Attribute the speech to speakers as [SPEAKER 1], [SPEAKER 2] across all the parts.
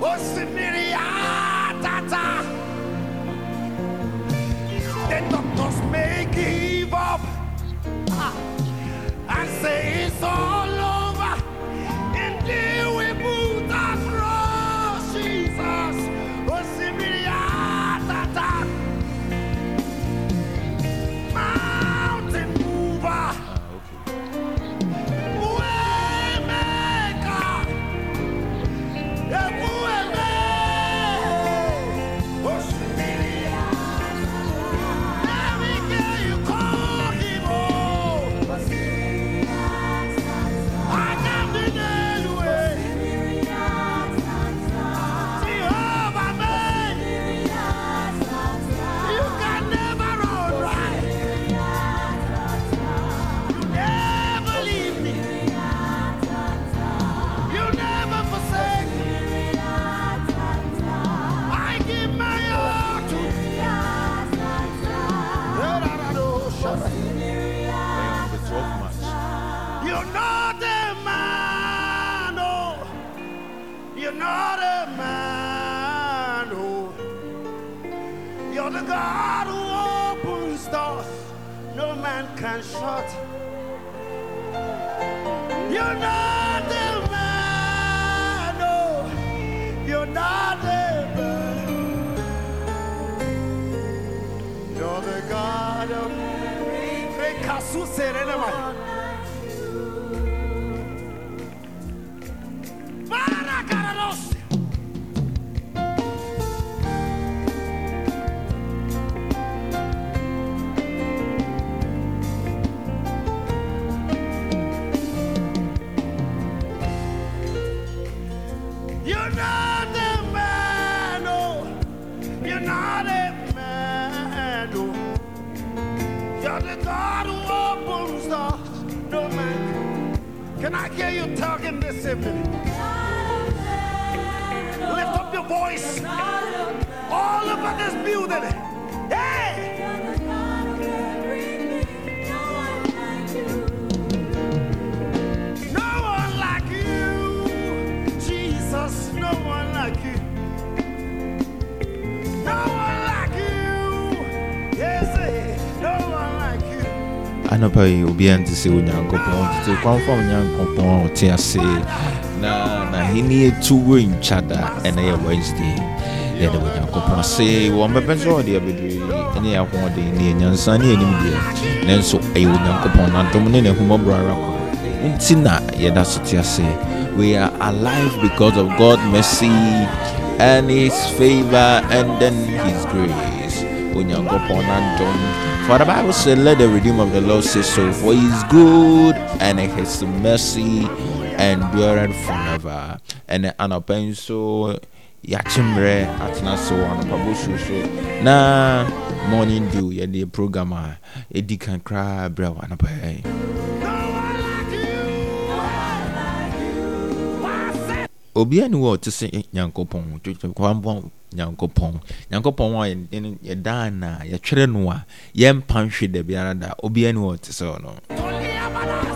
[SPEAKER 1] o Can I hear you talking this evening?
[SPEAKER 2] Lift up your voice all over this building.
[SPEAKER 3] anɔpa yi obiara nte sɛ onyankopɔn tete kwamfam nyankopɔn ɔte ase na n'ahenni etu wo ntwa ɛna yɛ wednesday yɛde onyankopɔn ase wɔn bɛpɛ sɛ ɔde abɛdure ne yɛ ahoɔden ne yɛnyansa ne yɛnim deɛ nanso ɛyɛ onyankopɔn nadom ne n'ahummɔborɔ ara kwa nti na yɛda so te ase we are alive because of god mercy and his favor and then his grace onyankopɔn for the bible says, let the redeemer of the lord say so for he is good and his mercy endureth forever ɛnɛ anɔpɛ nso yɛakye mmerɛ atena so anɔpabɔsuo so na morning dew yɛde program a ɛdi kan koraa berɛ wɔ obiara ni wɔ ɔte sɛ eh, nyankopɔn kwampɔn nyankopɔn nyankopɔn a yɛdaa na yɛtwerɛ no a yɛmpa nhwe da biara da obiara ni wɔ ɔte sɛ ɔno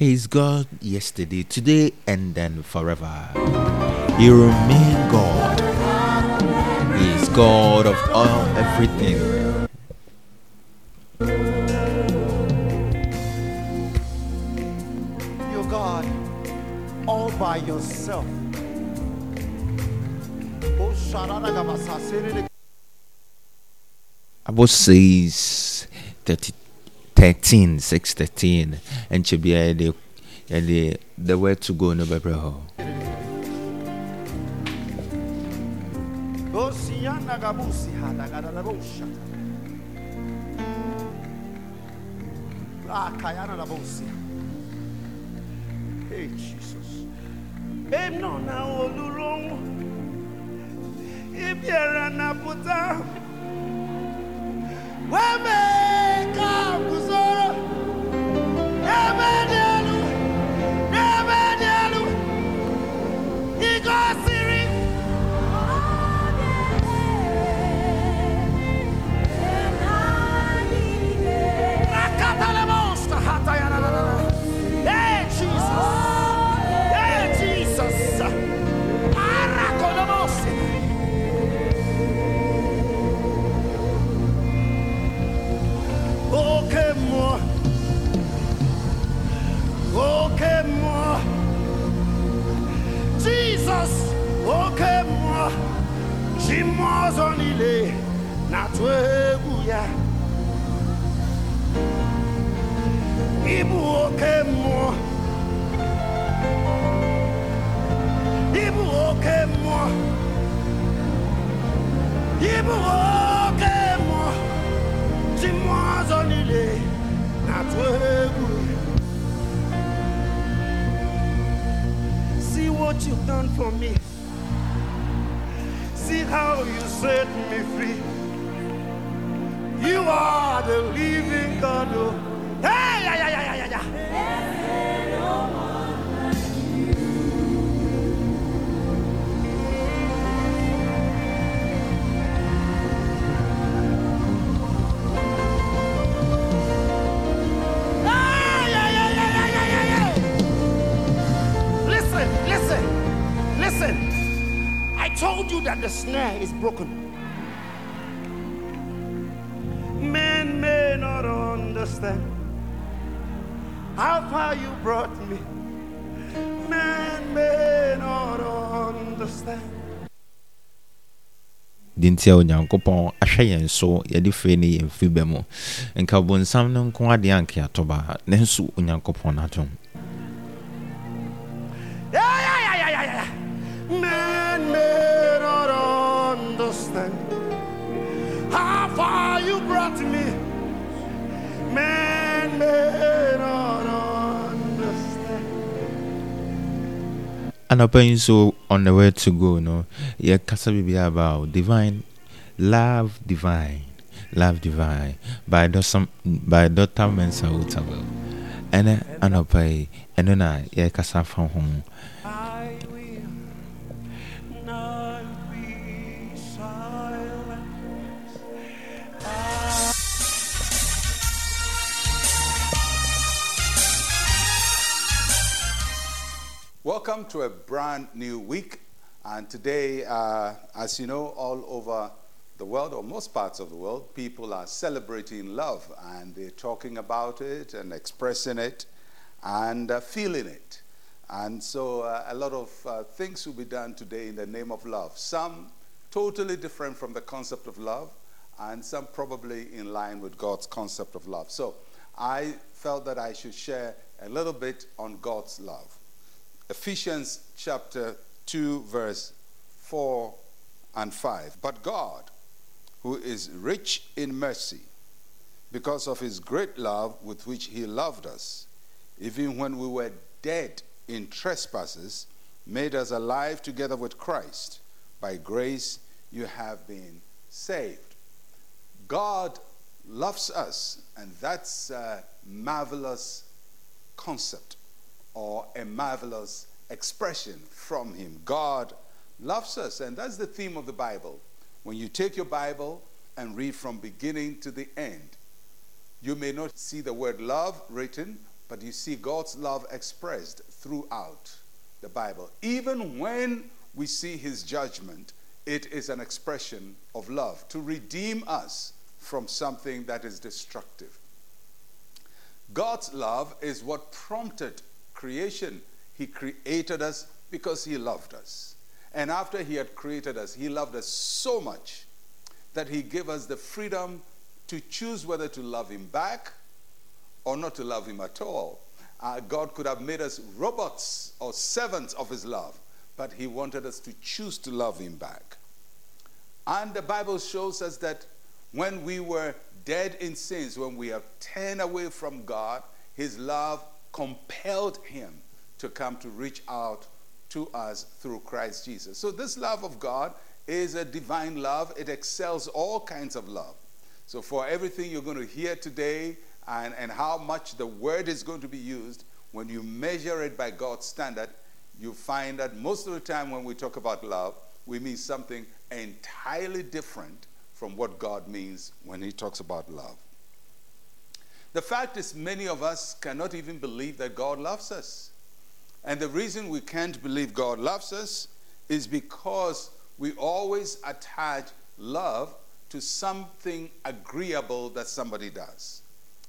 [SPEAKER 3] He's God yesterday, today, and then forever. He remains God. He is God of all everything.
[SPEAKER 1] You're God all by yourself.
[SPEAKER 3] About says 32 13 613 ɛnkyɛ biara yɛde yɛde the way to go no bɛbrɛ hɔ
[SPEAKER 1] Hey, Jesus. Babe, no, now, Olurong. If you're an puta,
[SPEAKER 2] women come, Kuzora. Amen.
[SPEAKER 1] mmụọ niile na-atụ egwu ya ịbụ oke mmụọ ịbụ oke mmụọ ịbụ oke mmụọ ji mmụọ ọzọ niile na-atụ egwu See what you've done for me how you set me free. You are the leader. that the snare is broken. Men may not understand how far you brought me. Men may not understand.
[SPEAKER 3] di a onyankopɔn ahwɛ yɛn so yɛde mu nka bonsam no nko adeɛ onyankopɔn no atom anɔpa yi nso on the way to go no yɛkasa biribiaa about uh, divine love divine love divine by dr by dr mensa wotabel ɛnɛ anɔpa yi ɛno na yɛkasa fa ho
[SPEAKER 4] Welcome to a brand new week. And today, uh, as you know, all over the world, or most parts of the world, people are celebrating love and they're talking about it and expressing it and uh, feeling it. And so, uh, a lot of uh, things will be done today in the name of love. Some totally different from the concept of love, and some probably in line with God's concept of love. So, I felt that I should share a little bit on God's love. Ephesians chapter 2, verse 4 and 5. But God, who is rich in mercy, because of his great love with which he loved us, even when we were dead in trespasses, made us alive together with Christ. By grace you have been saved. God loves us, and that's a marvelous concept or a marvelous expression from Him. God loves us, and that's the theme of the Bible. When you take your Bible and read from beginning to the end, you may not see the word love written, but you see God's love expressed throughout the Bible. Even when we see His judgment, it is an expression of love to redeem us from something that is destructive. God's love is what prompted creation, He created us because He loved us. And after He had created us, He loved us so much that He gave us the freedom to choose whether to love Him back or not to love Him at all. Uh, God could have made us robots or servants of His love, but He wanted us to choose to love Him back. And the Bible shows us that when we were dead in sins, when we have turned away from God, His love compelled him to come to reach out to us through Christ Jesus. So, this love of God is a divine love, it excels all kinds of love. So, for everything you're going to hear today and, and how much the word is going to be used, when you measure it by God's standard, you find that most of the time when we talk about love, we mean something entirely different from what God means when He talks about love. The fact is, many of us cannot even believe that God loves us. And the reason we can't believe God loves us is because we always attach love to something agreeable that somebody does.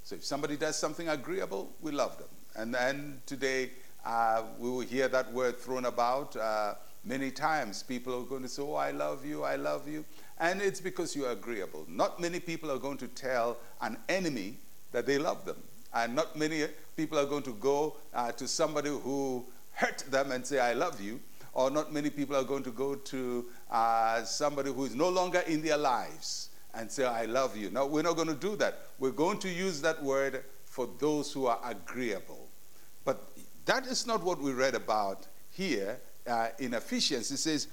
[SPEAKER 4] So if somebody does something agreeable, we love them. And then today, uh, we will hear that word thrown about uh, many times. People are going to say, Oh, I love you, I love you. And it's because you're agreeable. Not many people are going to tell an enemy that they love them. And not many people are going to go uh, to somebody who hurt them and say, I love you. Or not many people are going to go to uh, somebody who is no longer in their lives and say, I love you. No, we're not going to do that. We're going to use that word for those who are agreeable. But that is not what we read about here uh, in Ephesians. It says,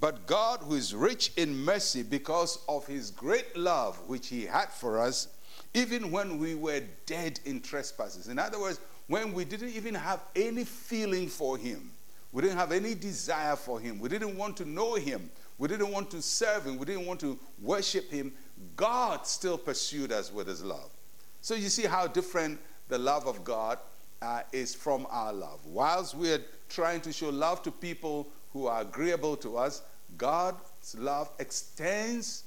[SPEAKER 4] But God, who is rich in mercy because of his great love which he had for us, even when we were dead in trespasses. In other words, when we didn't even have any feeling for Him, we didn't have any desire for Him, we didn't want to know Him, we didn't want to serve Him, we didn't want to worship Him, God still pursued us with His love. So you see how different the love of God uh, is from our love. Whilst we're trying to show love to people who are agreeable to us, God's love extends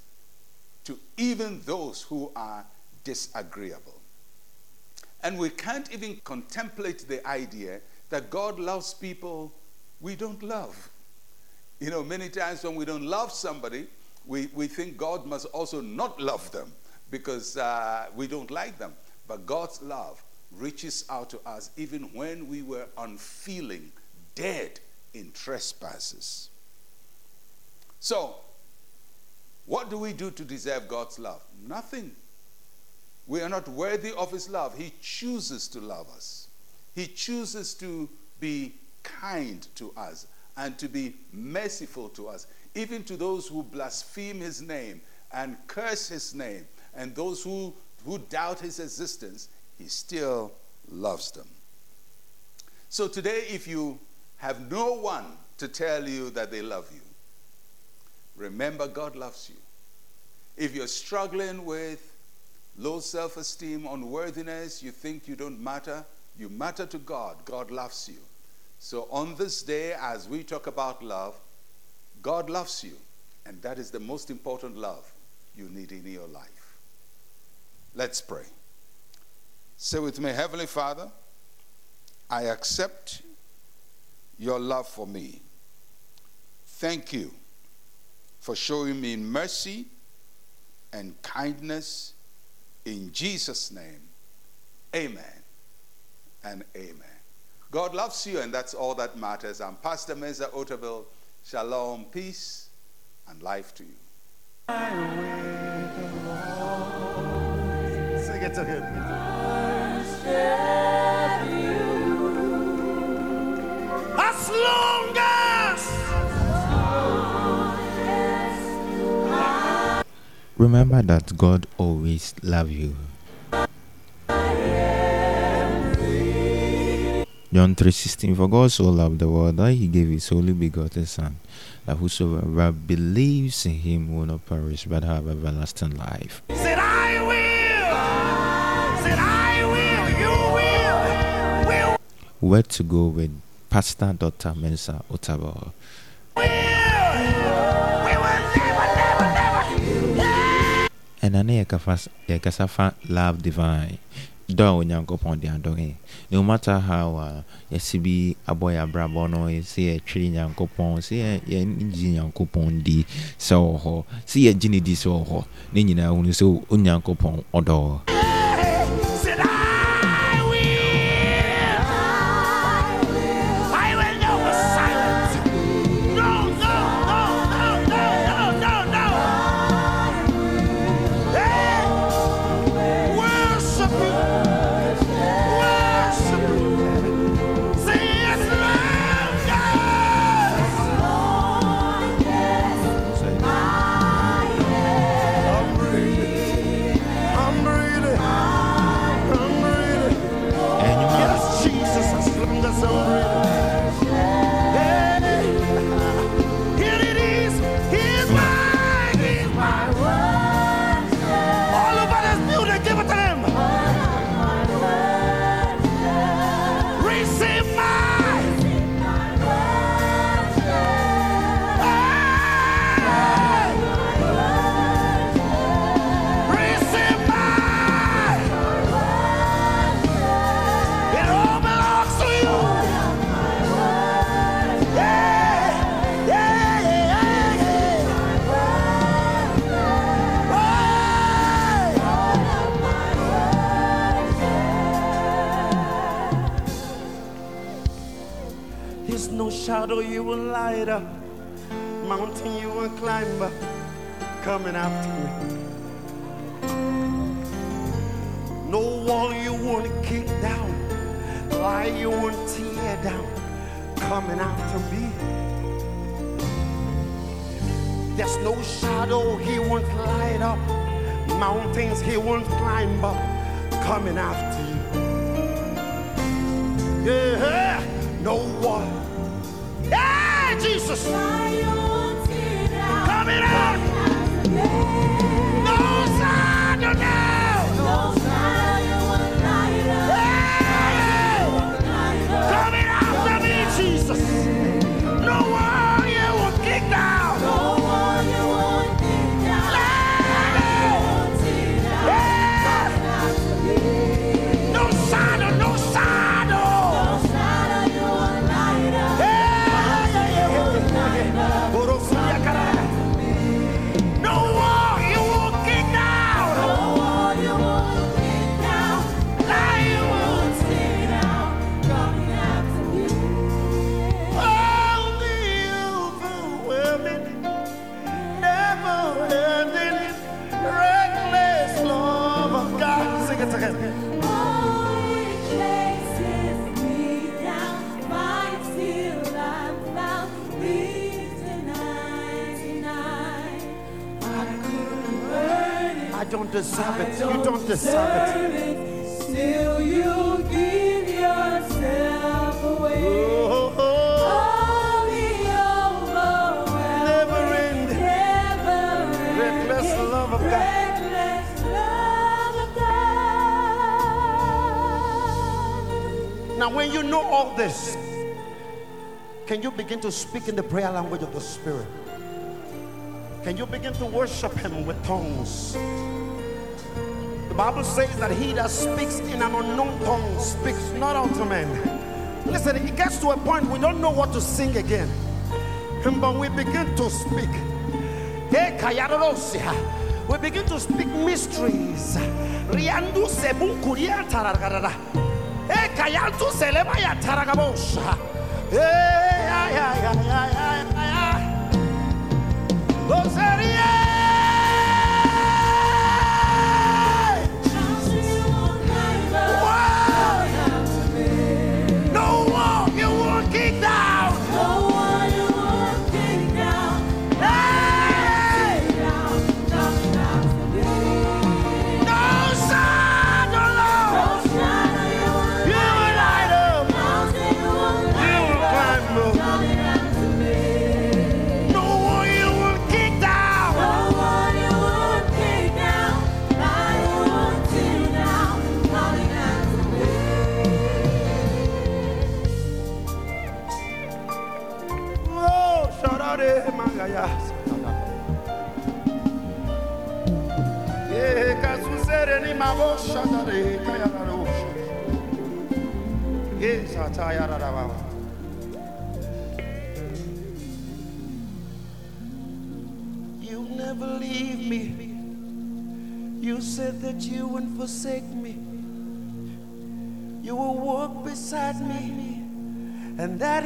[SPEAKER 4] to even those who are disagreeable. And we can't even contemplate the idea that God loves people we don't love. You know, many times when we don't love somebody, we, we think God must also not love them because uh, we don't like them. But God's love reaches out to us even when we were unfeeling, dead in trespasses. So, what do we do to deserve God's love? Nothing. We are not worthy of His love. He chooses to love us, He chooses to be kind to us and to be merciful to us, even to those who blaspheme His name and curse His name, and those who, who doubt His existence. He still loves them. So today, if you have no one to tell you that they love you, remember God loves you. If you're struggling with Low self esteem, unworthiness, you think you don't matter. You matter to God. God loves you. So, on this day, as we talk about love, God loves you. And that is the most important love you need in your life. Let's pray. Say with me, Heavenly Father, I accept your love for me. Thank you for showing me mercy and kindness in Jesus' name, amen and amen. God loves you, and that's all that matters. I'm Pastor Mesa Otterville. Shalom, peace, and life to you.
[SPEAKER 2] Sing it to him. As long as
[SPEAKER 3] Remember that God always loves you. John 3:16 For God so loved the world that he gave his only begotten son that whosoever believes in him will not perish but have everlasting life. Said I
[SPEAKER 2] will. Said I will. You will. will.
[SPEAKER 3] Where to go with Pastor Dr. Mensa Otabo. Will. ɛna ne yɛkasa fa love divine dɔ a onyankopɔn de adɔre no matter how a yɛsi bi abɔ yɛ abrabɔ no sɛ yɛtwere nyankopɔn sɛ yɛgye nyankopɔn di sɛ wɔ hɔ sɛ yɛgye ne di sɛ wɔ hɔ ne nyinaa hunu sɛ onyankopɔn ɔdɔɔ
[SPEAKER 1] to speak in the prayer language of the Spirit? Can you begin to worship Him with tongues? The Bible says that he that speaks in an unknown tongue speaks not unto men. Listen, it gets to a point we don't know what to sing again. But we begin to speak. We begin to speak mysteries. Hey, yeah, yeah, yeah, yeah.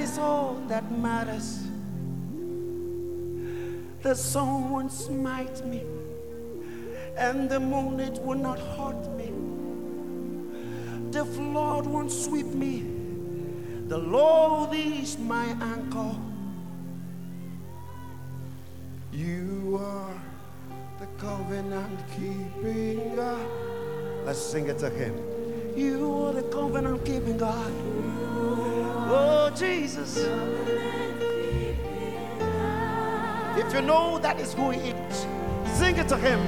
[SPEAKER 1] is all that matters. The sun won't smite me, and the moon it will not hurt me. The flood won't sweep me. The Lord is my anchor. You are the covenant keeping God. Let's sing it to Him. You are the covenant keeping God. Oh, Jesus. If you know that is who He is, sing it to Him.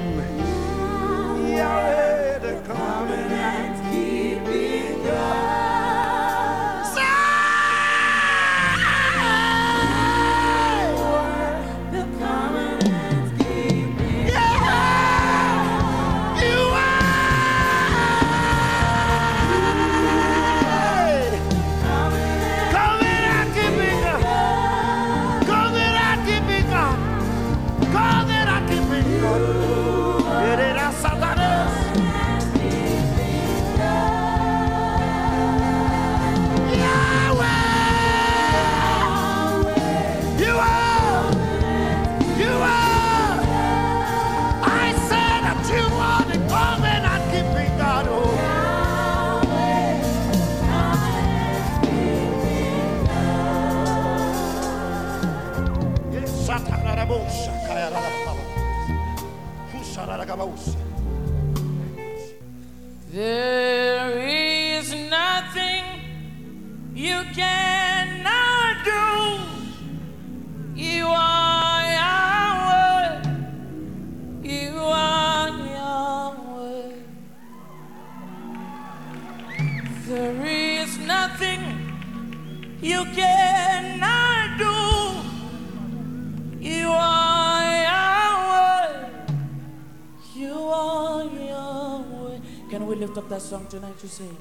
[SPEAKER 5] song tonight you sing.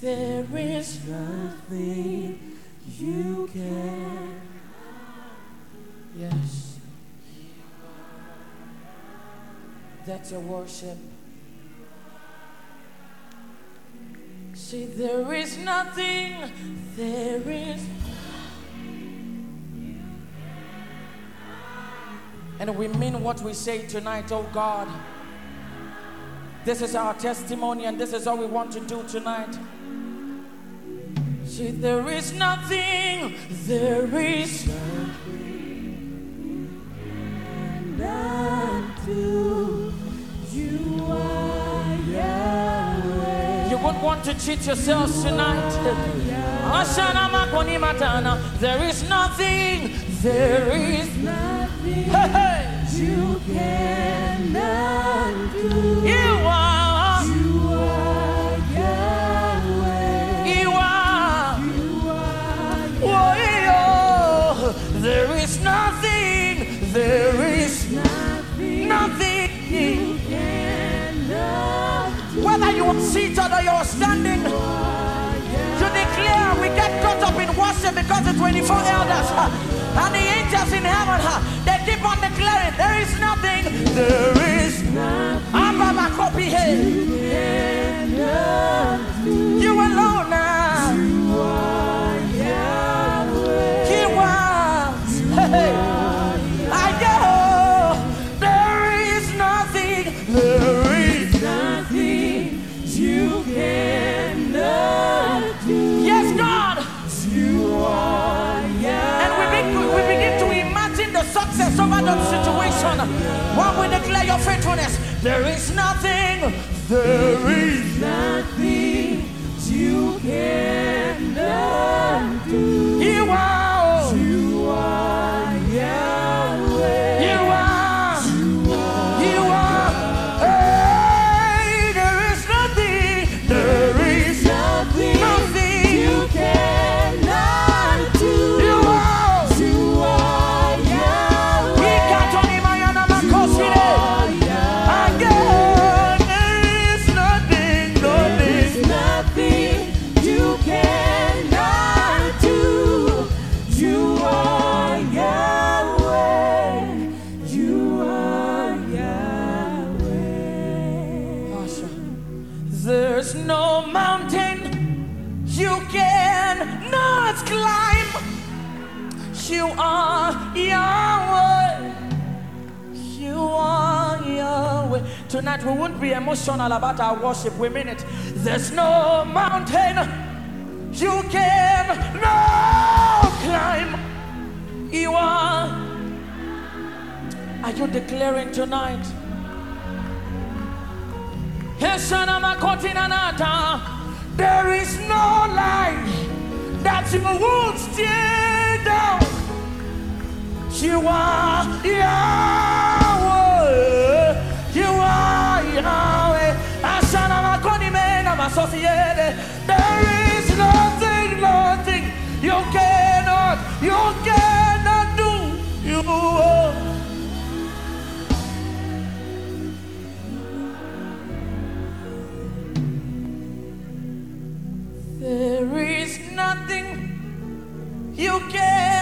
[SPEAKER 5] There is nothing you can. Yes. That's your worship. See, there is nothing, there is. And we mean what we say tonight, oh God. This is our testimony, and this is all we want to do tonight. See, there is nothing, there is nothing until you are Yahweh. You would not want to cheat yourselves tonight. There is nothing, there is
[SPEAKER 2] nothing. Hey, hey you cannot do. You are. Yahweh. You are.
[SPEAKER 5] Oh, there is nothing. There is nothing. You cannot do. Whether you are seated or you are standing. to declare, we get caught up in worship because the 24 elders and the angels in heaven keep on declaring there is nothing, there is nothing. I'm by my copy head.
[SPEAKER 2] You alone now.
[SPEAKER 5] midst of adult situation, when we declare your faithfulness, there is nothing,
[SPEAKER 2] there is nothing you cannot do. You are
[SPEAKER 5] You are Yahweh. You are Yahweh. Tonight we won't be emotional about our worship. We mean it. There's no mountain you can no climb. You are. Are you declaring tonight? There is no life that you won't tear down. You are Yahweh. You are Yahweh. There is nothing, nothing you cannot, you cannot do. There is nothing you can.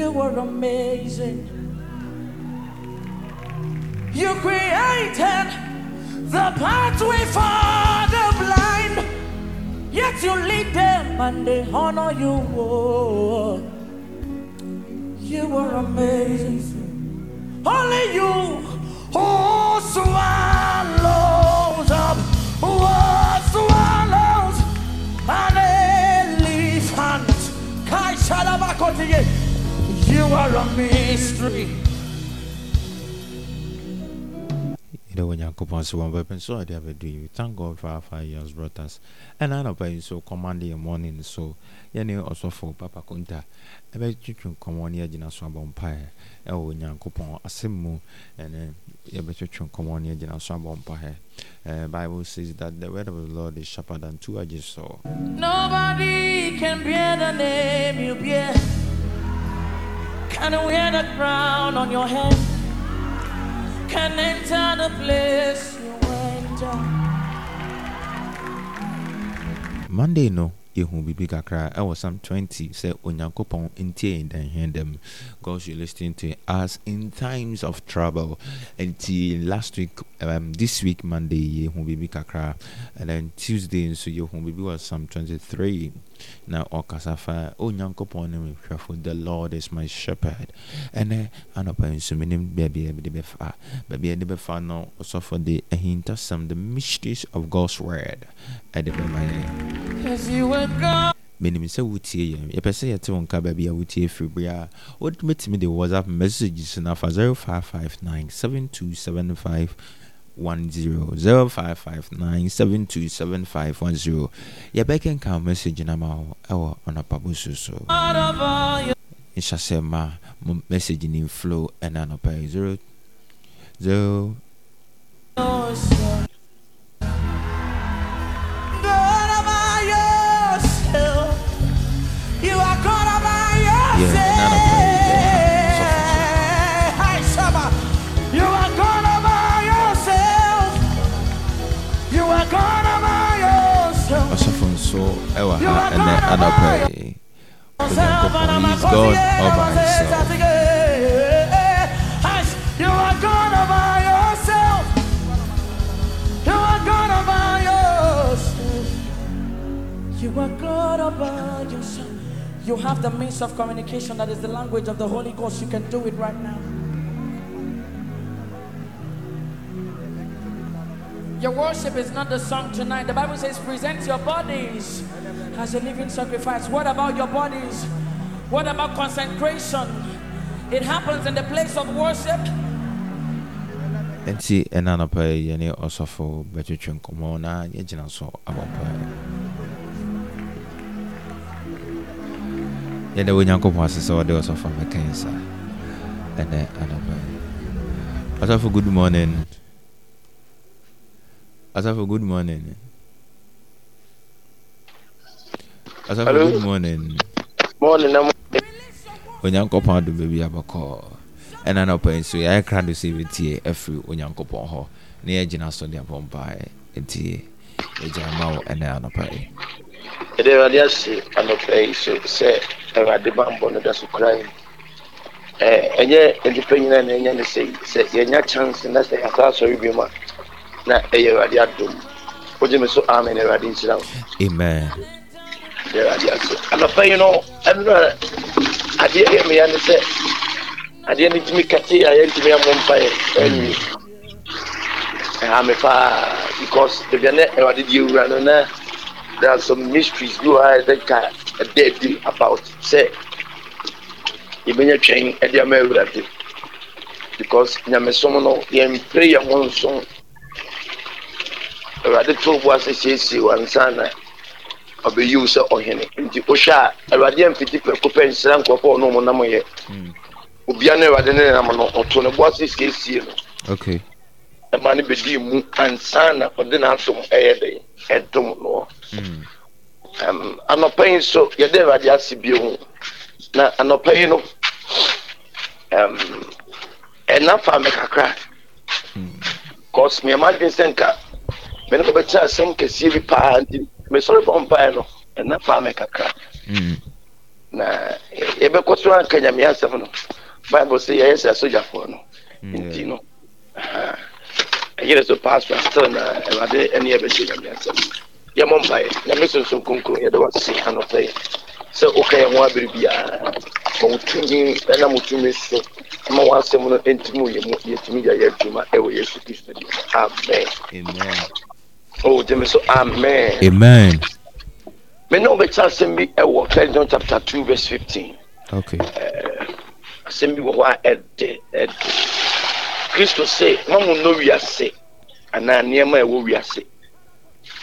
[SPEAKER 5] you are amazing. You created the pathway for the blind, yet you lead them and they honor you. you are amazing. Only you who swallows up what swallows an elephant. Kai Shalabakotiye. You are a mystery.
[SPEAKER 3] You know, when you're upon someone weapon, so I ever do you. Thank God for our five years brought And I know by so command the morning, so you know, also for Papa Kunta. I bet you can come on here, Jina Swabon Pie. Oh, when you're upon a simu, and then uh, you bet you can come on here, Jina Swabon Pie. Bible says that the word of the Lord is sharper than two edges sword.
[SPEAKER 5] Nobody can bear the name you bear and wear the crown on your head can enter the place you went
[SPEAKER 3] Monday no yɛhu biribi kakra ɛwɔ sam 20 sɛ onyankopɔn ntie yɛn dɛnhwɛ dɛm because you listening to us in times of trouble nti last week um, this week monday yɛhu biribi kakra and then tuesday nso yɛhu biribi wɔ sam 23 now, ɔkasa fa onyankopɔn ne mehwɛfo the lord is my shepherd ɛnɛ anɔpa nsumenim baabi a mede bɛfa baabi a de bɛfa no ɔsɔfo de some the mysteries of god's word ɛde bɛma yɛn menim sɛ wotie yɛn yɛpɛ sɛ yɛte wo nka baabi a wotie firi bia wobɛtumi de whatsapp messages no afa 0559 10 0559727510 yɛbɛkenka wo message na ma on a ɔnɔpabo so so nhyɛ sɛ ma message in flow and anɔpa yi 0 0 Yeah. and pray you are gone all
[SPEAKER 5] yourself you are yourself you are yourself you have the means of communication that is the language of the Holy Ghost you can do it right now Your worship is not the song tonight. The Bible says, present your bodies as a living sacrifice. What about your bodies? What about consecration? It happens in the place of worship.
[SPEAKER 3] nti ɛna anɔpa yi yɛne ɔsɔfo bɛtwetwe nkɔmmɔ na yɛgyina so abɔpa yɛda onyankopɔn ase sɛ wɔde ɔsɔfo abɛkan saa ɛnɛ anɔpa yi ɔsɔfo good morning Asafo, good morning. Asafo, Hello? good morning. Morning, I'm... onyankopɔn adom baabi abɛkɔ ɛna na ɔpɛ nso yɛayɛ kra do sɛ yɛbɛtie afiri onyankopɔn hɔ na yɛagyina so de abɔ mpaeɛ nti yɛgyina ma wo ɛnɛ anɔpa yi
[SPEAKER 6] yɛde awurade ase anɔpa yi so sɛ awurade bambɔ no da so korae ɛnyɛ nnipa nyina na ɛnyɛ ne sɛ sɛ yɛnya chance na sɛ yɛakɔ asɔre biom a na ɛyɛ awurade adom wogye me so amen awurade nhyira wo amen awurade ase anɔpa yi no ɛno adeɛ yɛ meya ne sɛ adeɛ no tumi kate a yɛntumi amɔ mpaeɛ ɛnwi ɛha me paa because aduane awurade deɛ wura no na there are some mysteries bi wɔ a ɛdɛ ɛdɛ adi about sɛ yɛbɛnya twɛn ɛde ama awurade because nyamesom no yɛmpere yɛ ho nson awurade to bu ase siesie wansa na ɔbɛyi wo sɛ ɔhene nti wohwɛ a awurade amfiti pɛko pɛ nhyira nkurɔfoɔ ɔno mu nam yɛ hmm. obia no awurade ne nam no ɔto ne bo ase siesie no ɛma no bɛdii mu ansa na ɔde n'atom ɛyɛ dɛ ɛdom noɔ hmm. anɔpa yi nso yɛde awurade ase bio ho na anɔpa yi no ɛna fa me kakra hmm. cause meɛma dwen sɛ nka me ne mobɛkyerɛ asɛm kɛseɛ bi paa nti mesɔre bɔ mpaeɛ no ɛna faa me kakra mm. na yɛbɛkɔ so anka nyame asɛm no bible sɛ yɛyɛ sɛ asogyafoɔ no nti no ɛyerɛ so paa so astel na awurade ɛne yɛbɛhyɛ nyame asɛm yɛmmɔ mpaeɛ nyame sonsom kronkron yɛde wase anɔpɛyɛ sɛ woka yɛ ho abere biara ma wo tumi ɛnam wo tumi so ma woasɛm no ɛntimi wo yɛ mu yɛtumi yɛayɛ adwuma ɛwɔ yesu kristo di amen Oh, Jimmy, so amen. Amen. Me no be chance send me ɛwɔ eh, First John chapter two verse fifteen. Okay. Eh, send me what I had. Asɛm eh, bi wɔ hɔ a ɛde ɛde. Kristo sɛ wɔn no wiase anaa we are sick.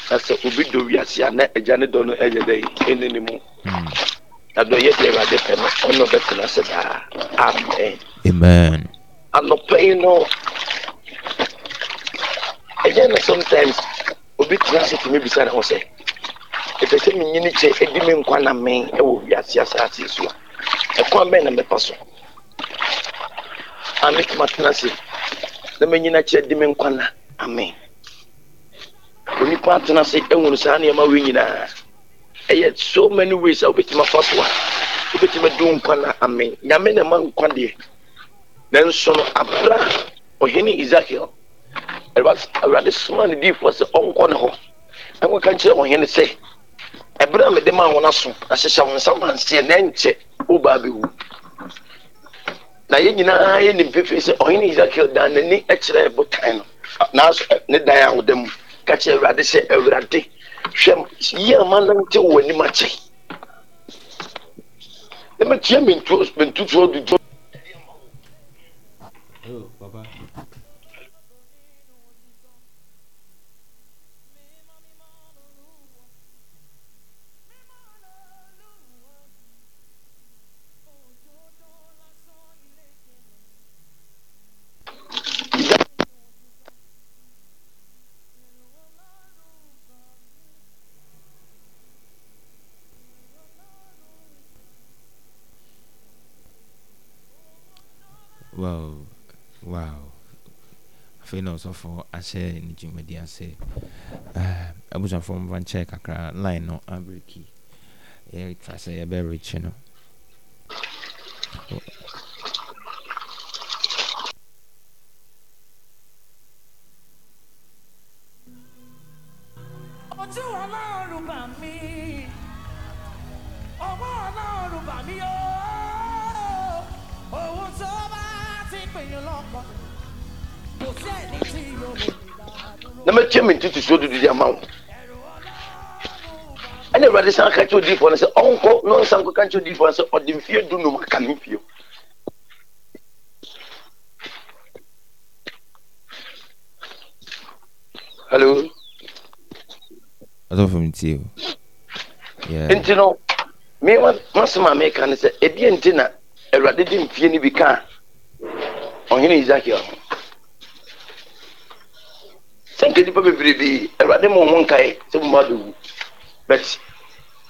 [SPEAKER 6] That's sɛ obi do wiase a na ɛgya ne dɔ no ɛyɛ dɛ ɛne ne mu. That hmm. dɔ yet deɛ ɛwɛade pɛ no ɔno bɛ tena sɛ daa. Amen.
[SPEAKER 3] Amen.
[SPEAKER 6] not yi no ɛyɛ no sometimes obi tena ase tumi bisa ne ho sɛ ɛfɛ sɛ menye ne kyɛ ɛdi me nkwa na me ɛwɔ wiase asase so a ɛkwan bɛn na mɛpa so a metuma tena ase na manyina kyerɛ di me nkwa na amen onipa atena ase ɛhunu saa nneɛma wei nyinaa ɛyɛ so many ways a wobɛtumi afa so a wobɛtumi do nkwa na amen nyame na ma nkwa deɛ nanso no abra ɔhene isakiel awurade soma ne diifoɔ sɛ ɔnkɔ ne hɔ ɛnkɔka nkyerɛ ɔhene sɛ ɛberɛ a mede maa wɔn aso ahyehyɛ wo nsa manseɛ na ɛnkyɛ wobaa bɛwu na yɛn nyinaa yɛnim pefee sɛ ɔhene isakiel daa n'ani kyerɛ botan no nanso ne dan a woda mu ka kyerɛ awurade sɛ awurade hwɛ yi a manante wɔ anim akyɛ na matua mentutuo dutuo
[SPEAKER 3] oh, ɔsɔfoɔ ahyɛ ne dwumadi ase eh, abusuafoɔ mfa nkyɛ kakra line no abreki yɛtra sɛ yɛbɛrekye no
[SPEAKER 6] nsuo dudu di ama wo ɛna awurade san ka kyerɛ odiifoɔ no sɛ ɔnkɔ na kɔ ka kyerɛ odiifoɔ no sɛ ɔde mfie du nom aka ne mfio hallo
[SPEAKER 3] asɔfo mtie o nti
[SPEAKER 6] no me masɛm a meka ne sɛ ɛdeɛ nti na awurade de mfie no bi kaa ɔhene isakiel nka nipa bebrebe awurade ma ɔmo nkae sɛ mo ma do wu bɛt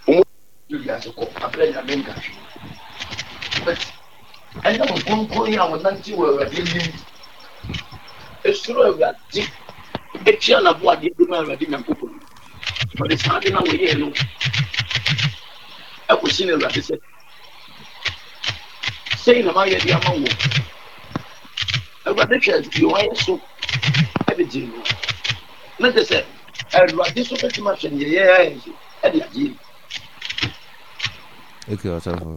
[SPEAKER 6] ɔmo do wiase kɔ apɛ nyame nka bɛt ɛnam nkonko yi a wɔnante wɔ awurade nim esoro awurade etia na bo adeɛ do ma awurade nyanko pɔ mu ɔde saa de na wɔyɛ no ɛkɔsi na awurade sɛ sɛyi na ma yɛ de ama wɔ awurade hwɛ deɛ wɔayɛ so ɛde gye no ne de sɛ awurade so bɛtumi ahwɛ ne yɛyɛ ayɛ nso ɛde gye
[SPEAKER 3] ɛkɛ ɔsɔfo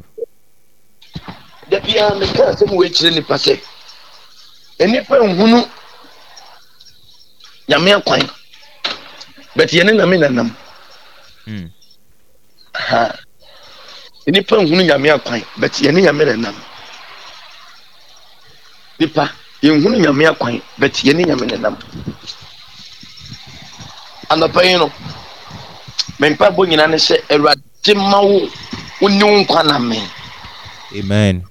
[SPEAKER 6] da biara meka asɛm wɔ akyerɛ nnipa sɛ nnipa nhunu nyame akwan bɛte yɛne name nanam nnipa nhunu nyame akwan bɛte yɛne nyame nanam nipa yɛnhunu nyame akwan bɛte yɛne nyame nanam anɔpa no mɛmpa bɔ nyinaa ne sɛ awurade ma wo wone wo nkwa na me amen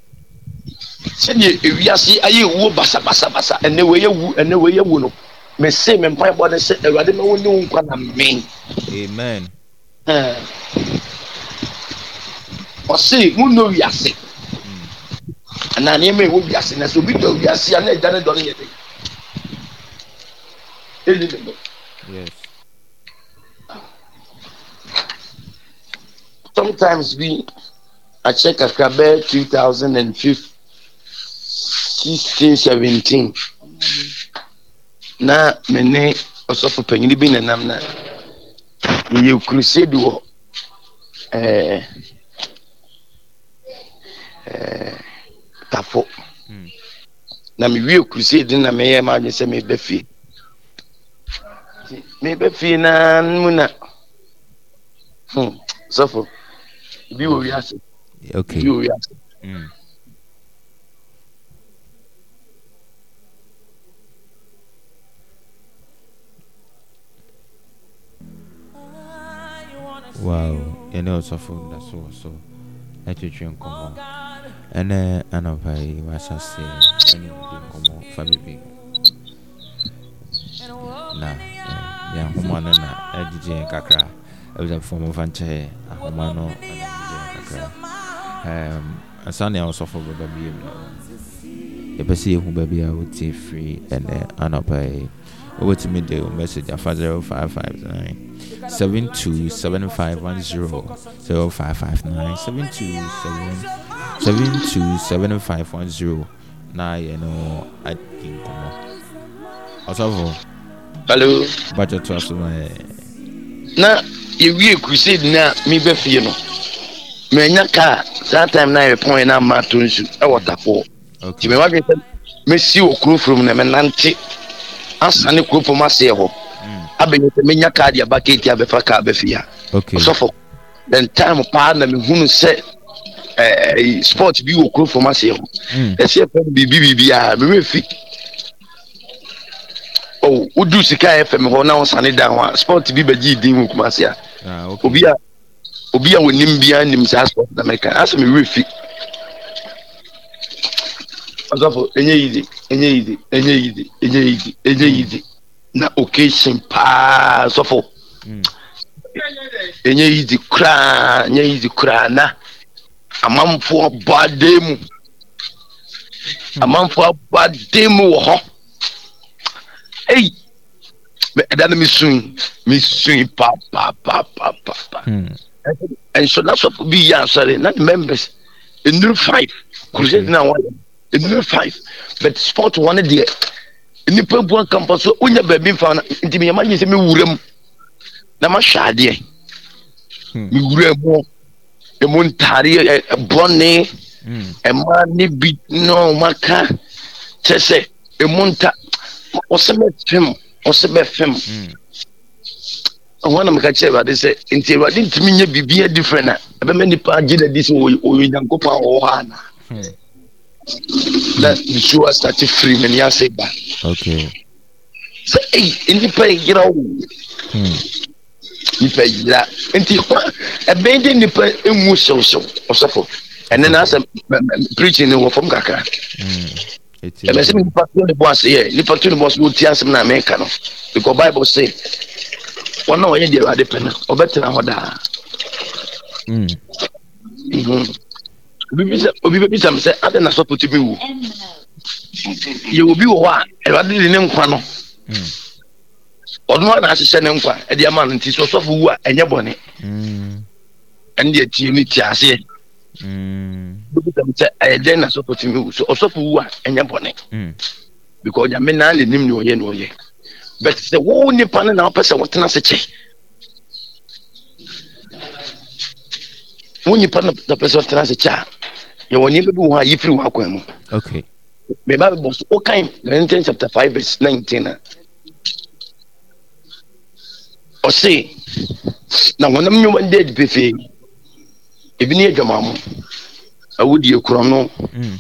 [SPEAKER 6] sɛdeɛ ewiase ayɛ wuo basabasabasa ɛnɛ wɔyɛ wu ɛnɛ wɔyɛ wu no mɛse mɛmpa bɔ ne sɛ awurade ma wone wo nkwa na me amen ɔse wonɔ wiase na nneɛma ɛwɔ wiase na sɛ obi dɔ wiase a na ɛda ne dɔ no yɛ dɛ ɛni ne dɔ sometimes bi akyɛ kakra bɛyɛ two thousand and fifteen sixteen seventeen na me ne ɔsɔfo panyin bi na nam na yɛ crusade wɔ ɛɛ ɛɛ tafo hmm. na mewie crusade na meyɛ ma adwene sɛ mebɛ fie mebɛ fie naa mu na hmm, sɔfo so ebi wɔ wiase ebi wɔ wiase.
[SPEAKER 3] wow yɛne ɔsɔfo da so wɔ so atwitwe nkɔmmɔ ɛnɛ anɔpa yi wahyɛ aseɛ ɛne wodi nkɔmmɔ fa bebe na yɛn ahoma no na ɛgyegye yɛn kakra abusafoɔ mɔfa nkyɛ ahoma no ana kakra um, asane uh, uh, a wɔsɔfo bɛba bie mu yɛpɛ sɛ yɛhu baabi a wotie firi ɛnɛ anɔpa yi wobɛtumi de wo message afa 0559 727510 0559 727510 na yɛ no adi nkɔmmɔ ɔsɔfo hallo bakyɛ toa so na
[SPEAKER 6] yɛwie crusade no a mebɛfie no mɛnya kaa saa time na yɛpɔn yɛ na ama ato nsu ɛwɔ dapoɔ nti mɛma bi sɛ mɛsi wɔ kuro furu mu na mɛnante asane kuro furu mu aseɛ hɔ hmm. abɛnyɛ sɛ mɛnya kaa deɛ baketi abɛfa kaa bɛfi ha ɔsɔfo then time paa na mehunu sɛ ɛɛ eh, eh, sport bi wɔ kuro furu mu aseɛ hɔ hmm. ɛsi ɛfɛ no biribi biribi a mɛmɛ fi ɔwɔ wodu sika ɛfɛ mi hɔ na ɔsane dan hɔ a sport bi bɛgye din wɔ kumasi a ah, obi a obi a wɔnim biara nim saa asɔ na mɛka asɛ me werɛ fi ɔsɔfo ɛnyɛ yidi ɛnyɛ yidi enye yidi ɛnyɛ yidi ɛnyɛ yidi na occasion paa sɔfo ɛnyɛ yidi enye ɛnyɛ yidi koraa na amanfoɔ bɔ adan mu hmm. amanfoɔ bɔ adan mu wɔ hɔ eyi ɛda no mi sun mi sun paapaapaapa. Hmm. And so that's what we are sorry, not members nnuru five crusade now. wayɛ nnuru five but sport wɔn deɛ nipa bua campus. so wonya baabi nfa na nti mi yamma yi sɛ mi wura mu na ma hwɛ adeɛ hmm. mi wura e mu emu ntaare bɔnne mmaa e ne bi na ɔmo aka kyɛ sɛ emu nta ɔsɛ bɛ fɛm ɔsɛ bɛ wọn na meka kyerɛ awurade sɛ nti awurade ntumi nyɛ biribia different a ɛbɛma nipa agye da di sɛ ɔyɛ onyankopɔn a ɔwɔ ha ana hmm. na nsuo asate firi n'ani ase ba sɛ ei nnipa yera wo hmm. nipa yera nti ɛbɛn de nipa nwu sewsew ɔsɔfo ɛne na asɛ preaching ni wɔ fam kakra hmm. ɛbɛ sɛ nipa tu ne bɔ ase yɛ nipa tu ne bɔ ase wɔti asɛm na mɛka no because bible say wɔn hmm. hmm. hmm. a wɔnyɛ deɛ awurade pɛ no ɔbɛtena hɔ daa obi bɛbisa me sɛ adɛn na sɔfo tumi wu yɛ obi wɔ hɔ a awurade de ne nkwa no ɔno a na ahyehyɛ ne nkwa ɛde ama no nti sɛ ɔsɔfo wu a ɛnyɛ bɔne ɛne deɛ tie no tie aseɛ bɛbisa me sɛ ɛyɛ dɛn na sɔfo tumi wu sɛ ɔsɔfo wu a ɛnyɛ bɔne because ɔnyame naa ne nim ne ɔyɛ ne ɔyɛ but sɛ wo nipa na wopɛ sɛ wotena ase kyɛ wo nipa na pɛ sɛ wotena ase kyɛ a yɛwɔ nneɛma bi wɔ hɔ a yɛfiri wɔ akwan mu okay meba bɛbɔ so wokan galatians chapter five verse nineteen. a ɔse na wɔnam nnwoma no dɛ adi pefee ebi ne yɛ dwamamo awodie korɔm no mm.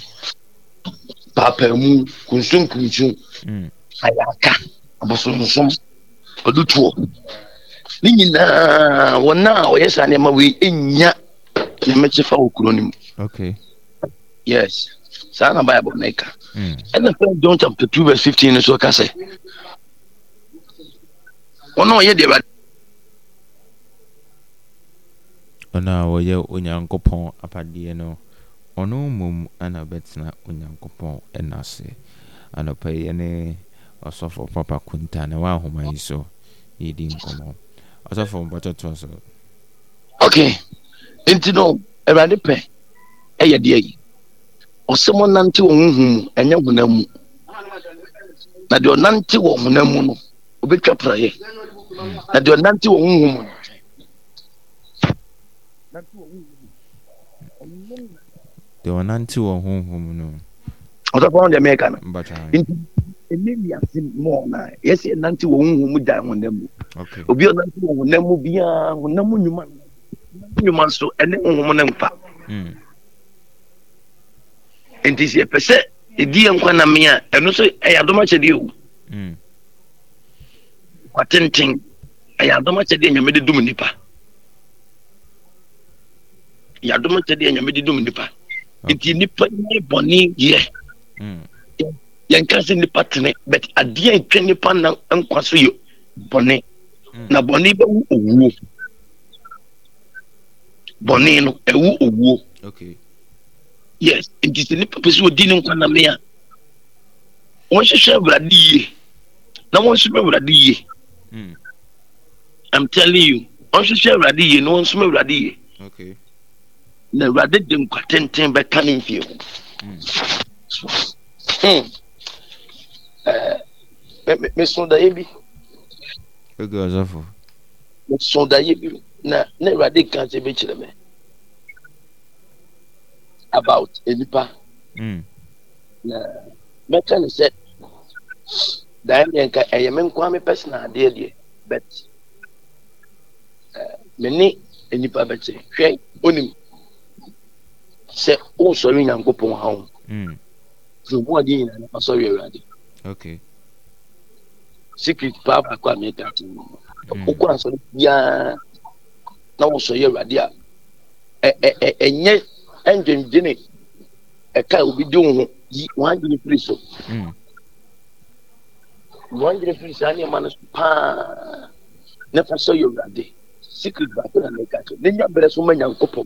[SPEAKER 6] paapaamu kunsunkunsun ayaka mm abosonsom ɔdotoɔ ne nyinaa wɔn a ɔyɛ saa nneɛma wei ɛnya nyamekye fa wɔ kuro no mu yes saa na bible na ɛka hmm. ɛna fɛn john chapter two verse fifteen nso ɔka sɛ wɔn a ɔyɛ deɛ ɛwɛde.
[SPEAKER 3] ɔno a wɔyɛ onyankopɔn apadeɛ no ɔno mmom ana bɛtena onyankopɔn ɛna ase anɔpa yi ne ɔsɔfo papa kunta na wa yi so yɛdi nkɔmɔ ɔsɔfo mbɔtɔ so. ok nti no awurade pɛ ɛyɛ
[SPEAKER 6] deɛ yi ɔsɛm ɔnante wɔ huhu mu ɛnyɛ hona mu na deɛ ɔnante wɔ hona mu no obɛtwa praeɛ na deɛ ɔnante wɔ huhu mu
[SPEAKER 3] deɛ ɔnante wɔ huhu mu no ɔsɔfo deɛ no
[SPEAKER 6] ɛmɛ wiase mɔɔ na yɛsɛ ɛnante wɔ huhu mu dan honam mu obi ɔnante wɔ honam mu biara honam mu nnwuma nnwuma nso ɛne honhom no mfa hmm. nti sɛ ɛpɛ sɛ ɛdi yɛ nkwa name a ɛno nso ɛyɛ adom akyɛdeɛ o kwatenten hmm. ɛyɛ adom akyɛdeɛ nyame de dum nipa ɛyɛ adom akyɛdeɛ nyame de dum nipa nti nipa nyɛ bɔne yɛ hmm yɛnka sɛ nipa tene but adeɛ ɛtwa nipa nan nkwa so yɛ bɔne hmm. na bɔne bɛwu owuo bɔne no ɛwu owuo okay. yes nti sɛ nipa pɛ sɛ ɔdi ne nkwa name a wɔnhwehwɛ awurade yie na wɔnsom awurade yie hmm. i'm telling you wɔnhwehwɛ awurade yie na wɔnsom awurade yie na awurade de nkwa tenten bɛka ne mfie ho hmm mesondaeɛ bi mesondaeɛ bi na na awurade ka sɛ bɛkyerɛ me about nnipa hmm. na mɛka ne sɛ daeɛ deɛ nka ɛyɛ me nkoa me personal adeɛ deɛ but eh, mene nnipa bɛte hwɛ onim sɛ wosɔre nyankopɔn ha wo hmm. nkomuadeɛ nyinaa na masɔre awurade Ok. secret paa baako a mi ka ti mu okɔ asɔrɔ biara na wosɔ yɛ awurade a ɛ ɛ ɛ ɛnyɛ ɛndwendwene ɛka a obi di wo ho yi wɔn adwene firi so hmm. wɔn adwene firi saa nneɛma no so paa ne fa sɔ yɛ awurade secret baako na mi ka ti ne nya bɛrɛ so ma nya nkɔpɔ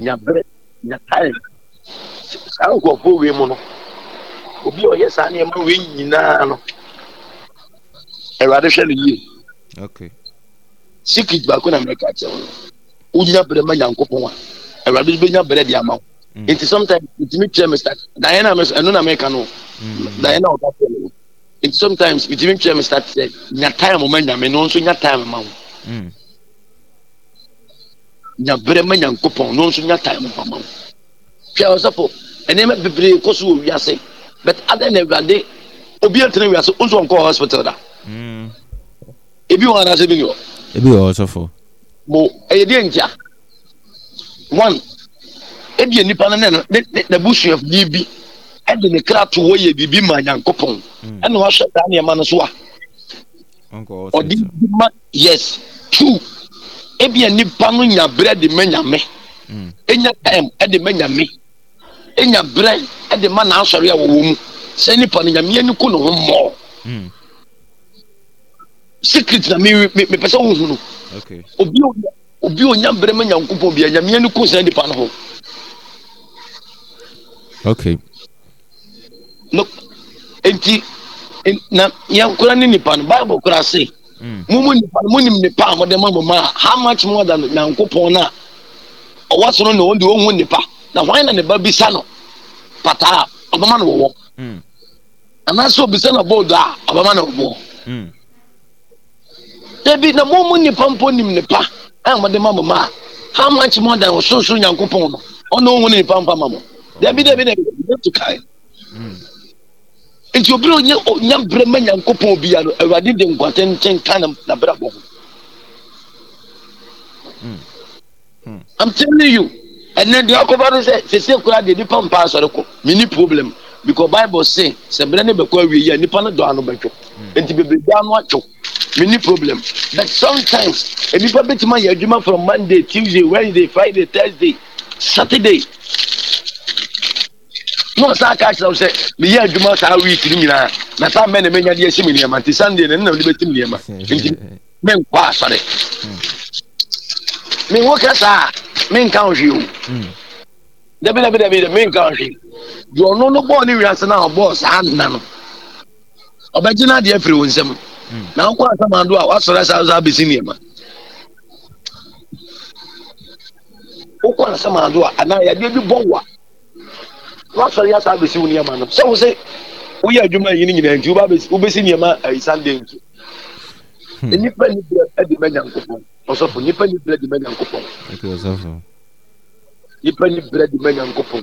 [SPEAKER 6] nya bɛrɛ nya taayɛ saa nkɔpɔ wei mu no. Mm obi a ɔyɛ saa nneɛma wei nyinaa no awurade hwɛ no
[SPEAKER 3] yie
[SPEAKER 6] sikit baako na mmerɛ ka wo no wonya berɛ ma nyankopɔn a awurade bɛnya berɛ de ama wo mm. nti sometimes ntumi kyerɛ mr diana ɛno na meka no diana mm. ɔka kyerɛ no nti sometimes ntumi kyerɛ mr sɛ nya time ma nyame no nso nya time ma wo mm. nya berɛ ma nyankopɔn no nso nya time ma wo hwɛ ɔsɛfo nneɛma bebree kɔ so wɔ wiase but adɛn na awurade obi atena wiase wo nso ɔnkɔ hospital da hmm. ebi wɔ anaasɛ bi ni hɔ
[SPEAKER 3] ebi wɔ ɔsɔfo
[SPEAKER 6] bo ɛyɛ deɛ nkyia one ebi yɛ nipa no ne no ne ne busuafni bi ɛde ne kra to wɔyɛ biribi ma nyankopɔn hmm. ɛna wahwɛ saa nneɛma no so a ɔde bi ma yes two ebi yɛ nipa no nya berɛ de ma nyame hmm. enya time ɛde ma nyame. ɛnya berɛ ɛde ma n'asɔre a wɔwɔ mu sɛ nipa no nyame n'i ko ne ho mmɔɔ hmm. secret na mepɛ sɛ wohu
[SPEAKER 3] no
[SPEAKER 6] obi onya berɛ ma nyankopɔn bia nyame n'i ko sɛ nipa no ho okay no enti na yɛnkora ne nipa no bible kora se mumu nipa no munim nipa a mode ma mo ma how much more than nyankopɔn no a ɔwɔ so no na ɔde ɔhu nipa na hwan na ne ba bisa no pataa ɔbɛma no wɔwɔ hmm. anaasɛ obisa no bɔɔdo a ɔbɛma no wɔwɔ hmm. dabi na mo mu nipa mpo nim nipa ɛn mo de ma mo ma how much more than osunsun nyankopɔn no ɔno ohun nipa mpa ma mo dabi dabi dabi dabi to kae hmm. nti obi onye onye mbrɛma nyankopɔn obi ya no awurade de nkwate nkyɛn ka na brabɔ ho i'm telling you ɛnɛ deɛ ɔkɔba no sɛ sese kura deɛ nipa mpa asɔre kɔ mini problem because bible say sɛ brɛ ne bɛkɔ awie yɛ nipa no dɔn ano bɛtwo hmm. nti bebree da ano atwo mini problem but sometimes nipa bɛtuma yɛ adwuma from monday tuesday wednesday friday thursday saturday na ɔsan aka kyerɛw sɛ meyɛ adwuma saa week no nyinaa na saa mɛ na mɛnya de ahyɛ me nneɛma nti sunday na ne na mede bɛtim nneɛma nti menkɔ asɔre mi wo kɛ saa mi nka n hwi hmm. o dabi dabi dabi dabi mi nka n hwi deɛ ɔno no bɔɔl ne wiase na ɔbɔɔl saa nna no ɔbɛgye na adeɛ firi wɔn nsam hmm. na akɔ asam ado a wasɔrɔ saa saa besi nneɛma wokɔ asam ado a anaa yadeɛ bi bɔ wa wasɔrɔ yɛ saa besi wɔn e nneɛma no sɛ wosɛ woyɛ adwuma yi ne nyinaa nti wobɛsi nneɛma ayi sande nti nnipa ni bɛ ɛdi bɛ nyankopɔn ɔsɔfo nipa ni brɛ di ma nyankopɔn nipa ni brɛ di ma nyankopɔn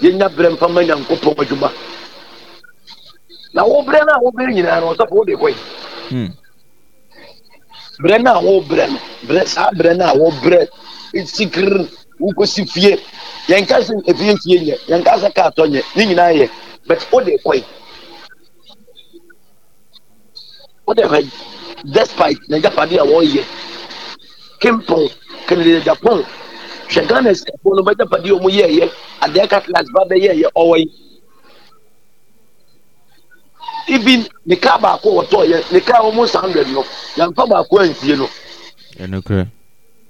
[SPEAKER 6] yɛnya brɛ mfa ma nyankopɔn adwuma na wo brɛ na a wo brɛ nyinaa no ɔsɔfo wode kɔe brɛ na a wo brɛ no brɛ saa brɛ no a wo brɛ sikiri wokɔsi fie yɛnka sɛ efie fie nyɛ yɛnka sɛ kaa tɔ nyɛ ne nyinaa yɛ but wode kɔe wode kɔe despite nagyapadeɛ a wɔyɛ kimpon kennedy japan hwɛ ghana sikafo no bɛgya padeɛ ɔmo yɛɛyɛ adeɛ catalyst ba bɛyɛɛyɛ ɔwɔ yi ibi ne kaa baako wɔtɔ yɛ ne kaa ɔmo san dɛ no yɛmfa baako ansie no. ɛnukurɛ.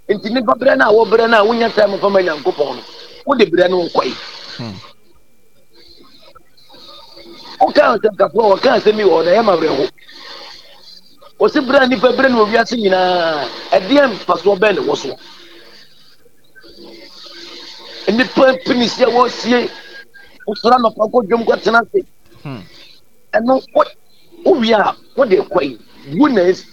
[SPEAKER 6] nti nipa brɛ no a wɔbrɛ no a wonya time fama nyankopɔn no hmm. wode e brɛ no nkɔe wokaa nsɛm kafoɔ wɔkaa asɛm yi wɔ ɔda yɛma werɛ ho wɔsi bere nifa bere na owiase nyinaa ɛdeɛ mfasoɔ bɛn na ɛwɔ so nipa pinisi a wɔsie wosora nɔfa kɔ dwom kɔ tena se hmm. ɛno wɔ owi a wɔde kɔ yi wu na esi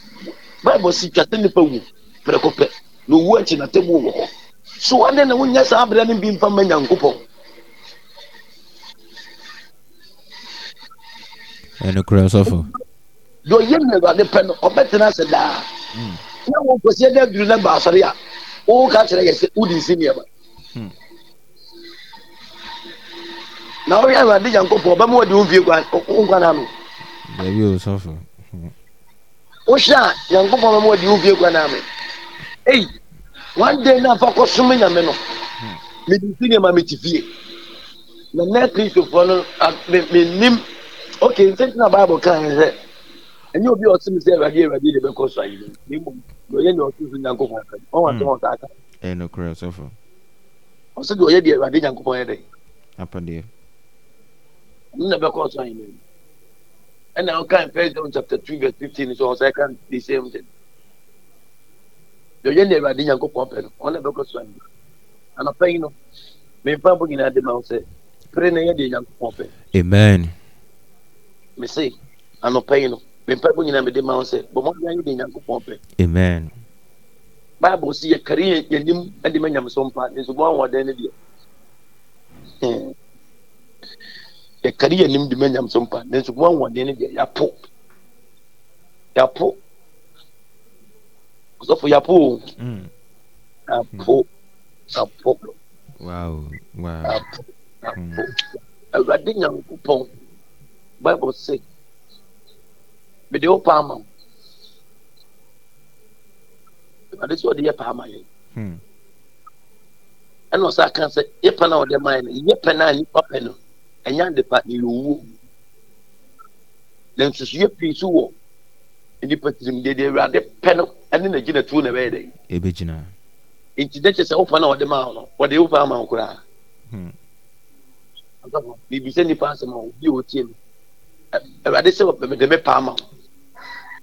[SPEAKER 6] baibu si twate nipa wu pɛrɛko pɛ na owu akyi na tɛmu wɔ hɔ so wɔde na wɔnyɛ saa abere no bi nfa mɛ nyanko pɔn.
[SPEAKER 3] ɛnukura sɔfo
[SPEAKER 6] deɛ ɔyɛ mu awurade pɛ no ɔbɛtena ase daa hmm. na wɔn kɔsi ɛdɛ duru na baasɔre a wɔn ka kyerɛ yɛ sɛ wodi nsi nneɛma na ɔyɛ awurade yanko pɔ ɔbɛn mu wɔde wɔn fie kwan nkwan ano.
[SPEAKER 3] baabi o sɔfo.
[SPEAKER 6] wohyɛ hmm. a yanko pɔ ɔbɛn mu wɔde wɔn fie kwan ano eyi one day na afa kɔ sumi nyame no mi hmm. di nsi nneɛma mi ti fie na nɛɛ kristofoɔ no a ah, mi mi nim ok nsɛnti na baabu kan yɛ sɛ ɛnyɛ obi a ɔte mi sɛ awurade awurade de bɛkɔ so ayi ne mu deɛ ɔyɛ deɛ ɔte so nyankopɔn fɛ ɔn asɛm a ɔtaa ka
[SPEAKER 3] ɛyɛ nokorɛ ɔsɔfo
[SPEAKER 6] ɔsɛ deɛ ɔyɛ deɛ awurade nyankopɔn yɛ dɛ apadeɛ ɛno na bɛkɔ so ayi ne mu ɛna ɔkan first john chapter two verse fifteen so ɔsɛ ɛka the same thing deɛ ɔyɛ deɛ awurade nyankopɔn fɛ no ɔn na bɛkɔ so ayi ne mu anɔpɛ yi no mmepa bo nyinaa de ma wo sɛ pere na yɛ deɛ nyankopɔn fɛ amen mese anɔpɛ yi no mempɛ nyina mede ma wo sɛ bɔmmɔde ayɛ de nyankopɔn pɛ amen bible si yɛkare yɛnim de ma nyamesom pa ne nso no deɛ yɛkare yɛnim de ma nyamesom pa ne nso no deɛ yɛapo yɛapo ɔsɔfo yɛapo o apo apo apo awurade nyankopɔn bible sɛ mede wo paa ma wo awurade sɛ de yɛ paa ma yɛn hmm. ɛna ɔsɛ aka sɛ yɛpɛ no a ɔde maɛ no yɛpɛ no a nnipa pɛ no ɛnyɛ adepa yɛyɛ owuo na nsusuyɛ pii so wɔ nnipa tirim dedeɛ awurade pɛ no ɛne nagyina tuo na ɛbɛyɛ dɛn ɛbɛgyina nti dɛ kyɛ sɛ wopɛ no a ɔde maa no wɔde wo paa ma wo koraa hmm. biribi sɛ nnipa asɛm a obi a ɔtie no awurade sɛ ɔpɛ mede me paa ma wo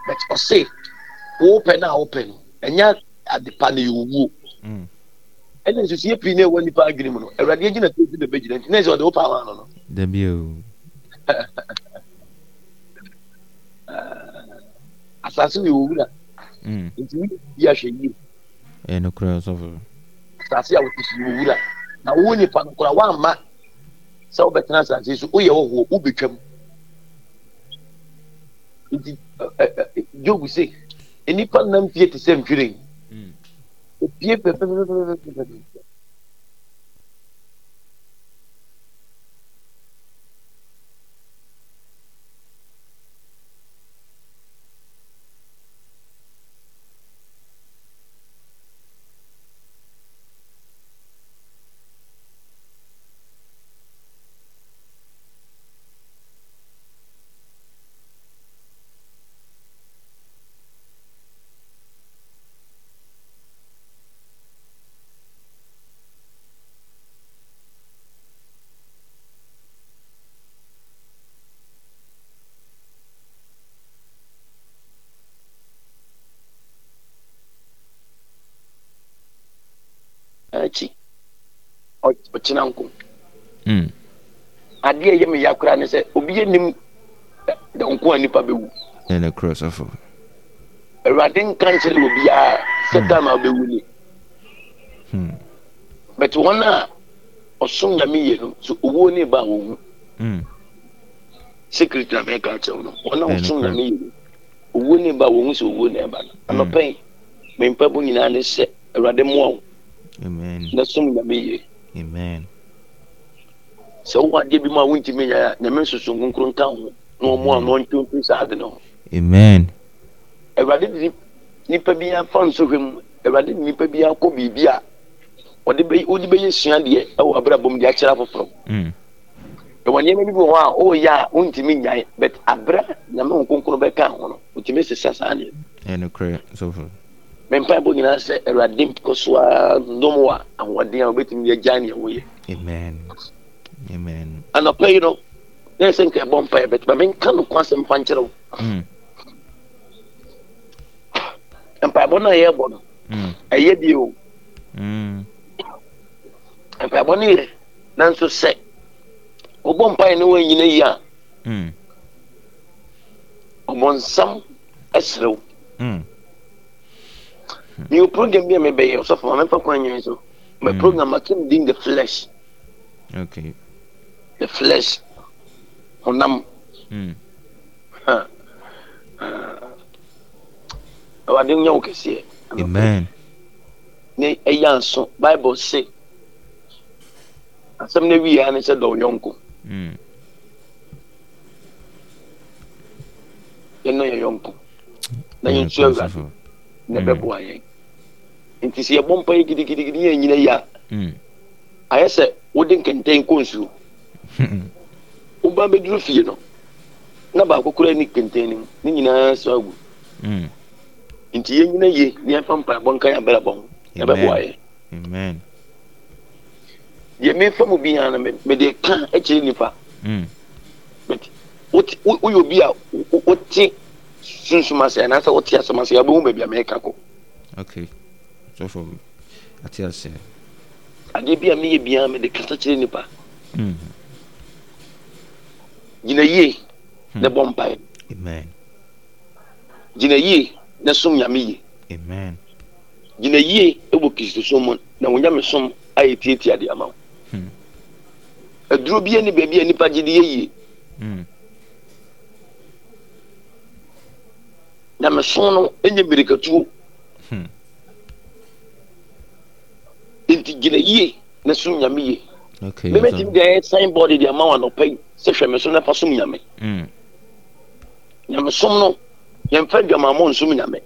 [SPEAKER 6] but ɔse open no a wopɛ no ɛnyɛ adepa na yɛwuo ɛna mm. nsusuɛ pii na ɛwɔ nipa adwene mu no awurade agyina tɛsi na bɛgyina nti na ɛsɛ ɔde wopa wa no no
[SPEAKER 3] dabio
[SPEAKER 6] asase na ɛwɔ wura mm. nti woyɛ bi ahwɛ yie
[SPEAKER 3] ɛyɛ nokorɛ ɔsɔfo
[SPEAKER 6] asase a wote so ɛwɔ wura na wo nipa no kora woamma sɛ wobɛtena asase so woyɛ wɔhoɔ wobɛtwam nti job se nnipa nam fie te sɛ nhwiren opie pɛpɛpɛpɛpɛ nyanko hmm. adeɛ yɛ me yakora ne sɛ obi yɛ nim nko a nipa bɛwu
[SPEAKER 3] ɛne korɔ sɔfo
[SPEAKER 6] awurade nka nkyerɛ obiaa sɛ tam a wobɛwu ni hmm. but wɔn a ɔsom nyame yie no so owuo ne ba a wɔwu hmm. secret na mɛka kyerɛw no wɔn a ɔsom nyame yie no owuo ne ba a wɔwu sɛ owuo ne ba no anɔpɛn mempa bo nyinaa ne sɛ awurade mmoa wo na som nyame yie Amen sɛ wowɔ adeɛ bi mu a nyɛ a nyame nsoso nkronkro nka ho na ɔmo a na ɔntonto saa ade no amen awurade de nipa bi afa nsɔhwɛ mu awurade de nipa bi akɔ biribi a ɔde bɛyɛ sua deɛ ɛwɔ abrabɔ mu de akyerɛ afoforɔ mm. ɛwɔ nneɛma bi bi hɔ a ɔyɛ a ɔntumi nyae but abra nyame nkronkro bɛka ho no ɔtumi sesa saa deɛ ɛno korɛ nyinaa sɛ awurade nkɔ so a dɔm wɔ ahoɔden a wɔbɛtumi de agya neɛ woyɛ amen Amen. anɔpɛ hmm. hmm. hmm. yi no na ɛsɛ nka ɛbɔ mpaeɛ bɛt ma menka no kwa asɛm fa nkyerɛ wo mpaebɔ no a yɛbɔ no ɛyɛ bie o mpaebɔ no yɛ nanso sɛ wobɔ mpaeɛ no wanyina yi a ɔbɔnsam ɛserɛ wo meyɛ program bi a mebɛyɛ ɔsɔfo ma memfa kwan nyɛ so my program akim din the flesh okay the flesh honam hmm. ah. awurade nyɛ wo kɛseɛ amen ne ɛyɛ e nso bible se asɛm no wieɛ ne sɛ dɔ wo yɔnko yɛno yɛ yɔnko
[SPEAKER 7] na yɛnsu awurade
[SPEAKER 6] na ɛbɛboa yɛn nti sɛ yɛbɔ mpa yɛ gidigidigidi yɛ nyina yi hmm. a ayɛ sɛ wode nkɛntɛn kɔ nsuo woba bɛduru fie no na baako kora ni kɛntɛn no mu ne nyinaa so agu mm. nti yɛnyina ye ne yɛmfa mpaebɔ nka yɛabrabɔ ho na bɛboayɛ deɛ memfa mu biaa no mede ka akyerɛ nnipa mm. woyɛ obi a wote sunsum ase anaasɛ wote asɛm ase wobɛhu baabi a mɛka kɔ adeɛ bi a meyɛ biaa mede kasa kyerɛ nnipa mm-hmm gyina yie hmm. na bɔ mpae gyina yie na som nyame yie gyina yie wɔ kristo mu na wo nyame som ayɛ tiatia de ama wo hmm. aduro bia ne baabi a nipa gye de yɛ yie hmm. na me som no nyɛ mmirikatuo nti gyina yie na som nyame yie
[SPEAKER 7] mɛmɛtumi
[SPEAKER 6] de ayɛ sign board de ama wɔn anɔpa yi sɛ hwɛ mɛsom na fa som nyame mm. nyamesom no yɛmfa dwamamɔ nsom nyame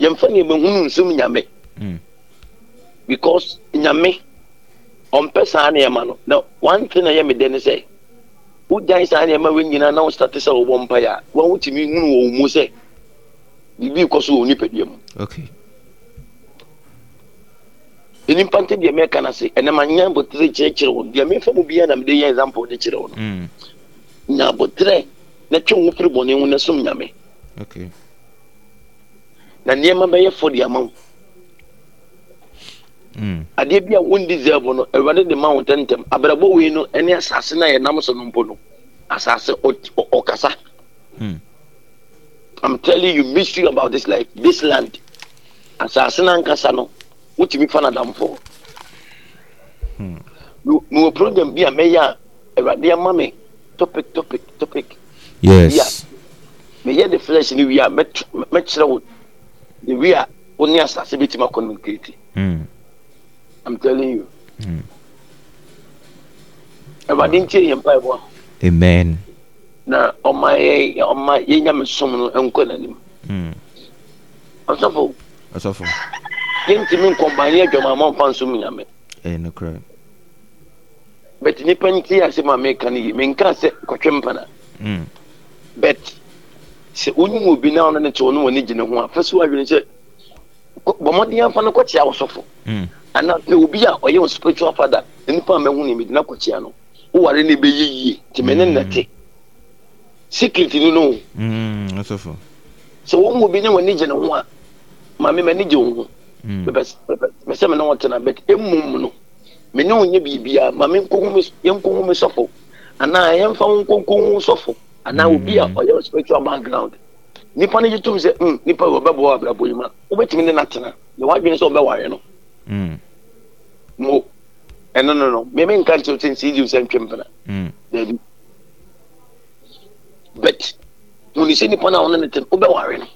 [SPEAKER 6] yɛmfa nneɛmahunu nsom nyame mm. because nyame ɔmpɛ saa nneɛma no na one thing a ɛyɛ me dɛ ne sɛ wogyae saa nneɛma wei nyinaa na wostate sɛ wobɔ mpaeɛ a wa wotumi hunu wɔ wo mu sɛ biribi kɔ so wɔ nipadua mu okay nti nipa nti deɛ mɛka no se ɛnam anya botere kyerɛkyerɛ wo deɛ memfa mu biaa na mede yɛ example de kyerɛ wo no mm. nya botere na twe wo firi bɔne ho na som nyame na nneɛma bɛyɛ fo mm. de ama wo adeɛ bi a wondeserve no awurade de ma wo ntɛmntɛm abrabɔ wei no ɛne asase no a yɛnam so no mpo no asase ɔkasa mm. i'm telling you mystery about this life this land asase no ankasa no wotumi fa nadamfo mewɔ program bi a mɛyɛ a awurade ama me topic topic topic meyɛ the flesh no wie a mɛkyerɛ wo the wie a wo ne asase bɛtumi acommunicate i'm telling you hmm. awurade ntie yɛ mpaebɔ amen na ɔma ɔma yɛnya me som no ɛnkɔ n'anim hmm. ɔsɔfo ɔsɔfo yɛntumi nkɔmbaneɛ adwamama mfa nso mu nyame eh, but nnipa no tie asɛm a meka no yi menka sɛ kɔtwe mpana hmm. but sɛ wonim obi na ɔno ne te ɔno wɔ ne gyina ho a fa so wadwene sɛ bɔ mmɔden amfa no kɔkyea wo sɔfo hmm. anaa pɛ obi a ɔyɛ wo spiritual father nnipa a mahu ne medina kɔkyea no woware ne bɛyɛ yie nti mene hmm. nnɛte secret no
[SPEAKER 3] no sɛ
[SPEAKER 6] wɔmu obi ne w'ani gyene ho a mame m'ani gye wo ho mɛsɛ mm. mɛ ne wa tena bɛt emu mu no mɛ ne wo nye biribiara ma mi nkohu mi sɔfo anaa yɛn fa nko sɔfo mm. a spiritual background nipa ne gye tom sɛ mm nipa wɔ bɛbɔ wɔ abirabɔ ne na wadwene sɛ no mm. mo no no nka sɛ no a wɔne ne te wa wobɛware no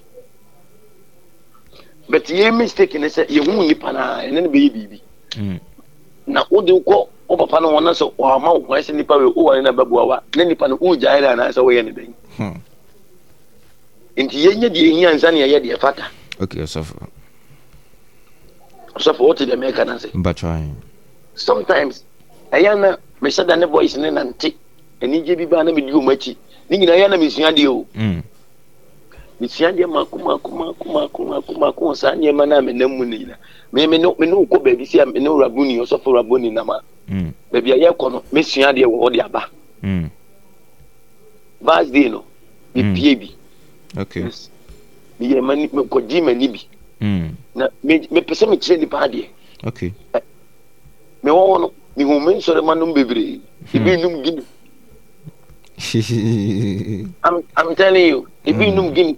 [SPEAKER 6] but ye mistake ne sɛ yɛhu nnipa no a ɛne no bɛyɛ biribi na de ko wo papa no wona wɔna sɛ ɔama wo kwan sɛ nnipa wei woware no bua wa ne nipa no jaira na dɛ anaasɛ ye ne hmm inti ye yɛnyɛ deɛ ɛhia nsa ne ye de fata okay so so for for what the maker na mɛka but try sometimes ɛyɛ na mehyɛ that ne voice ne nante anigye bi baa na me wɔ mu akyi ne nyinaa yɛ na mesua deɛ o mesiadeɛ mako mako mako mako mako mako saa nneɛma no a menam mu no nyina mene wokɔ baabi si a mene raboni ɔsɔfo raboni nam a baabi a yɛkɔ no mesua adeɛ wɔ hɔ de aba bas day no mepie bi meyɛ mm. mani mekɔgye m'ani bi mm. na mepɛ sɛ mekyerɛ nipa adeɛ mewɔ hɔ no mehu me nsɔrema nom bebree ebi num gini I'm, I'm telling you, ebi hmm. num gini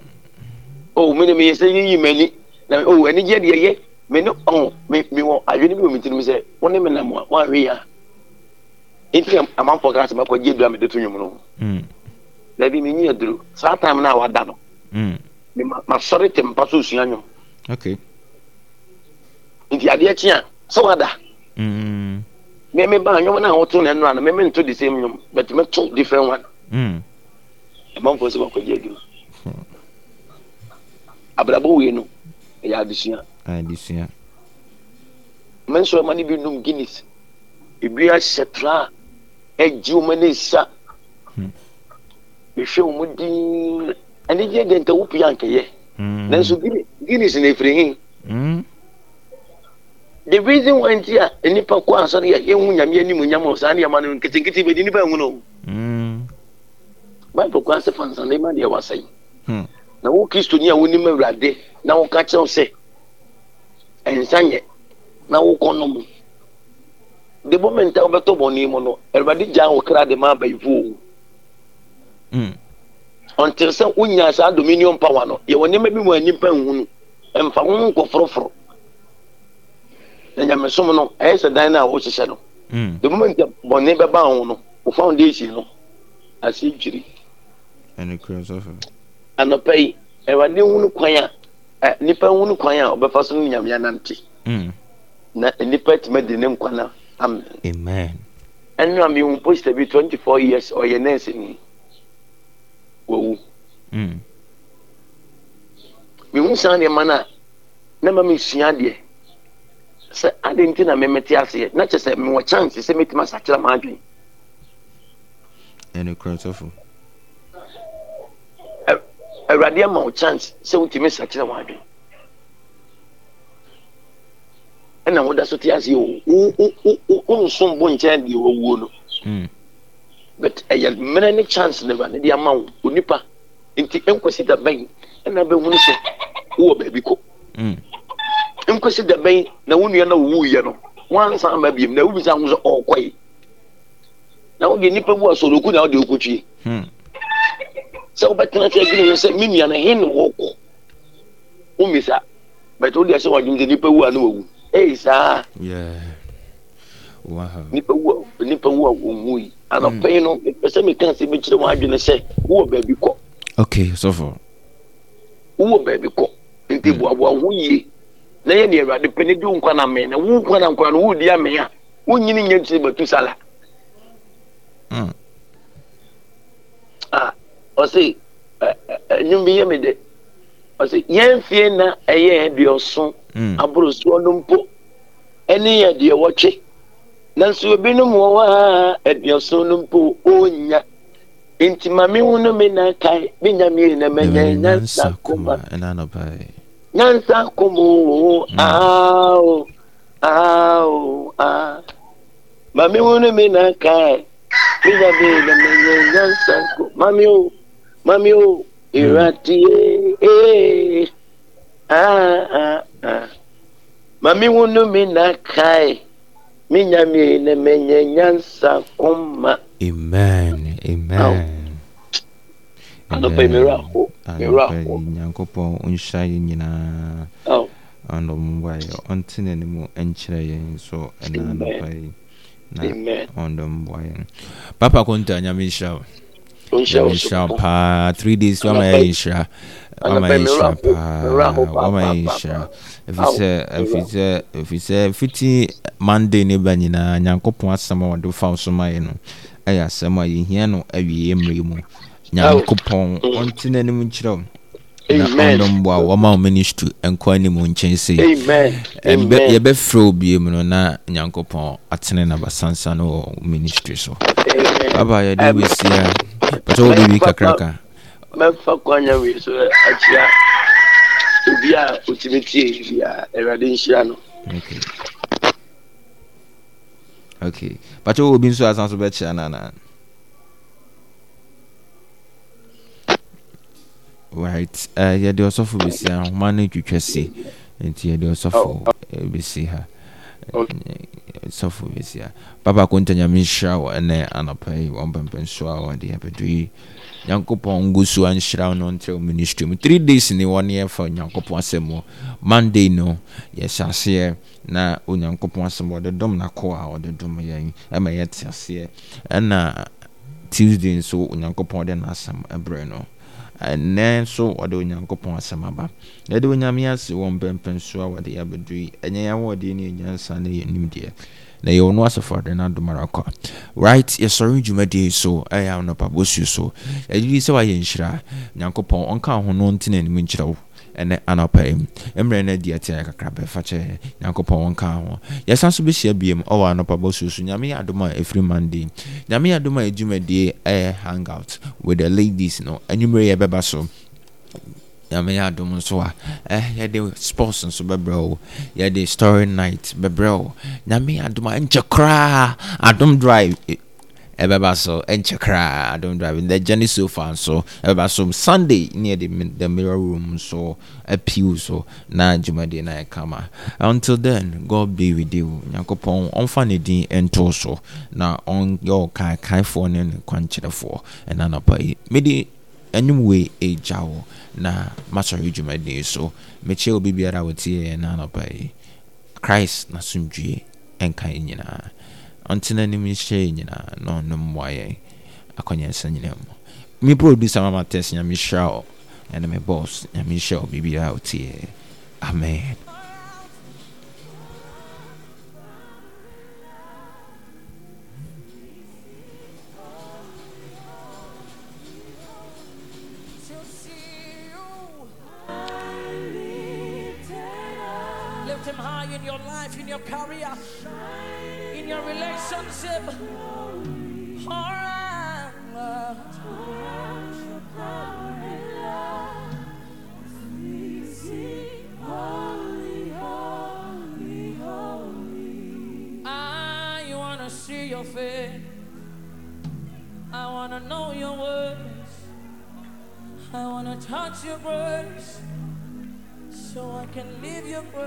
[SPEAKER 6] Oh, oh, o oh, mm. mi ni mi yɛ sɛ yiyi m'ani na o anigye deɛ yɛ mi ni ɔn mi mi wɔ adwene bi wɔ mi tirim sɛ wɔn ne mi nam a wɔn awi ya nti amanfo kan asɛm akɔgye dua mi de to nwom no dabi mi nyi aduro saa taim na wada no
[SPEAKER 3] mi
[SPEAKER 6] ma ma sɔre te mpa so sua nwom nti adeɛ kyi a sɛ wada mmemme baa nwom na wɔto na nnura no mmemme nto the same nwom but mmemme to different one amanfo mm. sɛ wɔkɔgye aduro. abrabɔ wei no ɛyɛ adesua
[SPEAKER 3] adesua ah,
[SPEAKER 6] mɛnso ɛma no bi nom guinness ebi ahyɛ tra a ɛgye e e hmm. e wɔn hmm. ne nsa mehwɛ hmm. wɔn din anigye deɛ nka wopi ankɛyɛ nanso guinness na efiri hin the reason why nti a nipa kɔ asɔre yɛ ehu nyame anim nyam o saa nneɛma no nketenkete bɛ di nipa ehun no bible kɔ asɛ fansan na ema deɛ wasa yi na wo kristoni a wonim awurade na woka kyerɛw sɛ ɛnsa nyɛ na wokɔ no mu the moment a wobɛtɔ bɔne mu no awurade gyaa wo kra de ma abayifo o ɔntere hmm. sɛ wonya saa dominion power no yɛwɔ nneɛma bi mu a nnipa nhu no ɛmfa wo nkɔforɔforɔ na nyamesom no ɛyɛ sɛ dan no a wohyehyɛ no hmm. the moment bɔne bɛba wo no wo foundation no ase dwiri
[SPEAKER 3] ɛne kura sɔfo
[SPEAKER 6] anɔpa yi awurade hunu kwan a ɛ nipa hunu kwan a ɔbɛfa so no nyamea nante mm. na nipa tuma di ne nkwana amen amen ɛnu a mihu poster bi twenty four years ɔyɛ nɛɛse ni wɔwu mihu mm. saa nneɛma no a na ma mesua adeɛ sɛ ade nti na memete aseɛ na kyɛ sɛ mewɔ chance sɛ mɛtumi asakyerɛ maadwene
[SPEAKER 3] ɛnokorɛ sɔfo
[SPEAKER 6] awurade ama wo chance sɛ wotumi sakyerɛ wɔn adwene ɛna woda so te ase wonsom bo nkyɛn deɛ wawuo no hmm. but ɛyɛ mmerɛ ne chance no awurade de ama wo onipa nti ɛnkɔsi da bɛn ɛna bɛhunu sɛ wowɔ baabi kɔ hmm. nkɔsi da bɛn na wo nua na wowuiɛ no wansan ama biam na wobisa ho sɛ ɔɔkɔe na wode nnipa bu asɔroku na wode wokɔtwie hmm sɛ wobɛtena sɛ adwene yɛ sɛ me nua no he ne wɔkɔ wommisa but wodeɛ sɛ wadwom sɛ nnipa wu a ne wawu ei saa nipa wu a nipa wu a wɔwu yi anɔpɛi no mm. mepɛ sɛ meka sɛ bɛkyerɛ wɔn adwene sɛ wowɔ baabi kɔ
[SPEAKER 3] okay sɔfo
[SPEAKER 6] wowɔ baabi kɔ nti mm. boaboa ho yie na yɛ deɛ awurade pɛ ne de wo nkwa na mɛ na wo nkwa na nkwa no wodi amɛ a wonyini nyɛ ntiri batu sala mm. ah ɔsi ɛnum bi yɛ mi dɛ ɔsi yɛn fie na ɛyɛ yɛn ɔso mm. aborosoɔ no ɛne yɛ deɛ wɔtwe nanso ebinom wɔ hɔ a aduaso no mpo ɔnya nti maame ho mi na kae bi nya mi na mɛ nyɛ nyansa koma nyansa koma o aawo aawo aa maame ho mi na kae bi nya mi na mɛ nyɛ nyansa koma maame o mami o ìrántí ee hmm. ah mami wunu mi na kae mi nya mi ne me nye nyansa kuma. amen
[SPEAKER 3] amen. anɔpɛ mmerɛ aho nyinaa. ɔno mmoa yɛ ɔnte nkyerɛ yɛn nso ɛna yi na ɔno papa konta nyame nhyira wo nhyira paa three days wama yɛ nhyira wama yɛ nhyira paa wama yɛ nhyira ɛfiri sɛ ɛfiri sɛ ɛfiri sɛ fiti monday ne ba nyinaa nyankopɔn asɛm a wɔde fa so ma yɛ no ɛyɛ asɛm a yɛhia no awie mmerɛ mu nyankopɔn mm. ɔnte n'anim nkyerɛ wo nɔmbɔ a wɔma wɔn ani situ nkɔ anim nkyɛn se eh, yɛbɛfrɛ obi mu no na nyankopɔn atene basansa no wɔ ministry so baba yɛde wɛsi a biribi kakraka
[SPEAKER 6] mɛfa kwanya wei so akyia obi a tie bi a awurade nhyira no
[SPEAKER 3] okay obi nso asan so bɛkyia right uh, yɛde ɔsɔfo bɛsi ahoma no twitwa si nti yɛde ɔsɔfo oh, oh. eh, bɛsi ha oh. ɔsɔfo bɛsi ha babaako ntanyame nhyira wo ɛnɛ anapa yi wɔmpɛmpɛ nso a wɔde abɛdo yi nyankopɔn ngu so anhyira no ntrɛ wo ministry mu three days ne wɔne yɛfa onyankopɔn asɛm mu monday no yɛhyɛ aseɛ na onyankopɔn asɛm wɔde dom nako a wɔde dom yɛn ɛma yɛte aseɛ ɛna tuesday nso onyankopɔn de n'asɛm ɛberɛ no ɛnɛ nso wɔde onyankopɔn asɛm aba yɛde onyame ase wɔ mpɛmpɛn so a wɔde yɛ abɛduri ɛnyɛ yɛ ahoɔden ne yɛnyansa ne yɛnimdeɛ na yɛwɔ no asafo ade no adomara kɔ right yɛsɔre dwumadie so ɛyɛ anɔpa bosuo so yɛgyedi sɛ wayɛ nhyira nyankopɔn ɔnka ho no ntena anim nkyerɛ wo ɛnɛ anɔpa yi mmerɛ no adi ate kakra bɛfa kyɛ nyankopɔn wɔnka ho yɛsan so bɛhyia biam ɔwɔ anɔpa bɔ so so nyame yɛ adom a ɛfiri monday nyame yɛ adom a ɛdwumadie ɛyɛ hangout with the ladies no anwummerɛ yɛbɛba so nyame yɛ adom nso a eh, yɛde sports nso bɛbrɛ o yɛde story night bɛbrɛ o nyame yɛ adom a nkyɛ koraa adom drive ɛbɛba so ɛnkyɛ I don't drive in the journey so far So ɛbɛba so Sunday near the the mirror room so appeal so na dwumadie na ɛkama until then God be with you nyankopɔn ɔmfa ne din ɛnto so na ɔnyɛ ɔkaakaefoɔ ne ne kwankyerɛfoɔ ɛna anapa yi mede anim wei ɛgya wo na masɔre so mekyɛ obi biara wɔtiɛ na anapa yi Christ n'asomdwie ɛnka yɛ nyinaa ɔnte no anim hyɛe nyinaa na ɔno mmoa yɛn nyina mu me producer mama tes nyame hyira wo ɛne me boss nyame hyira wo biribiaa wotiɛ amen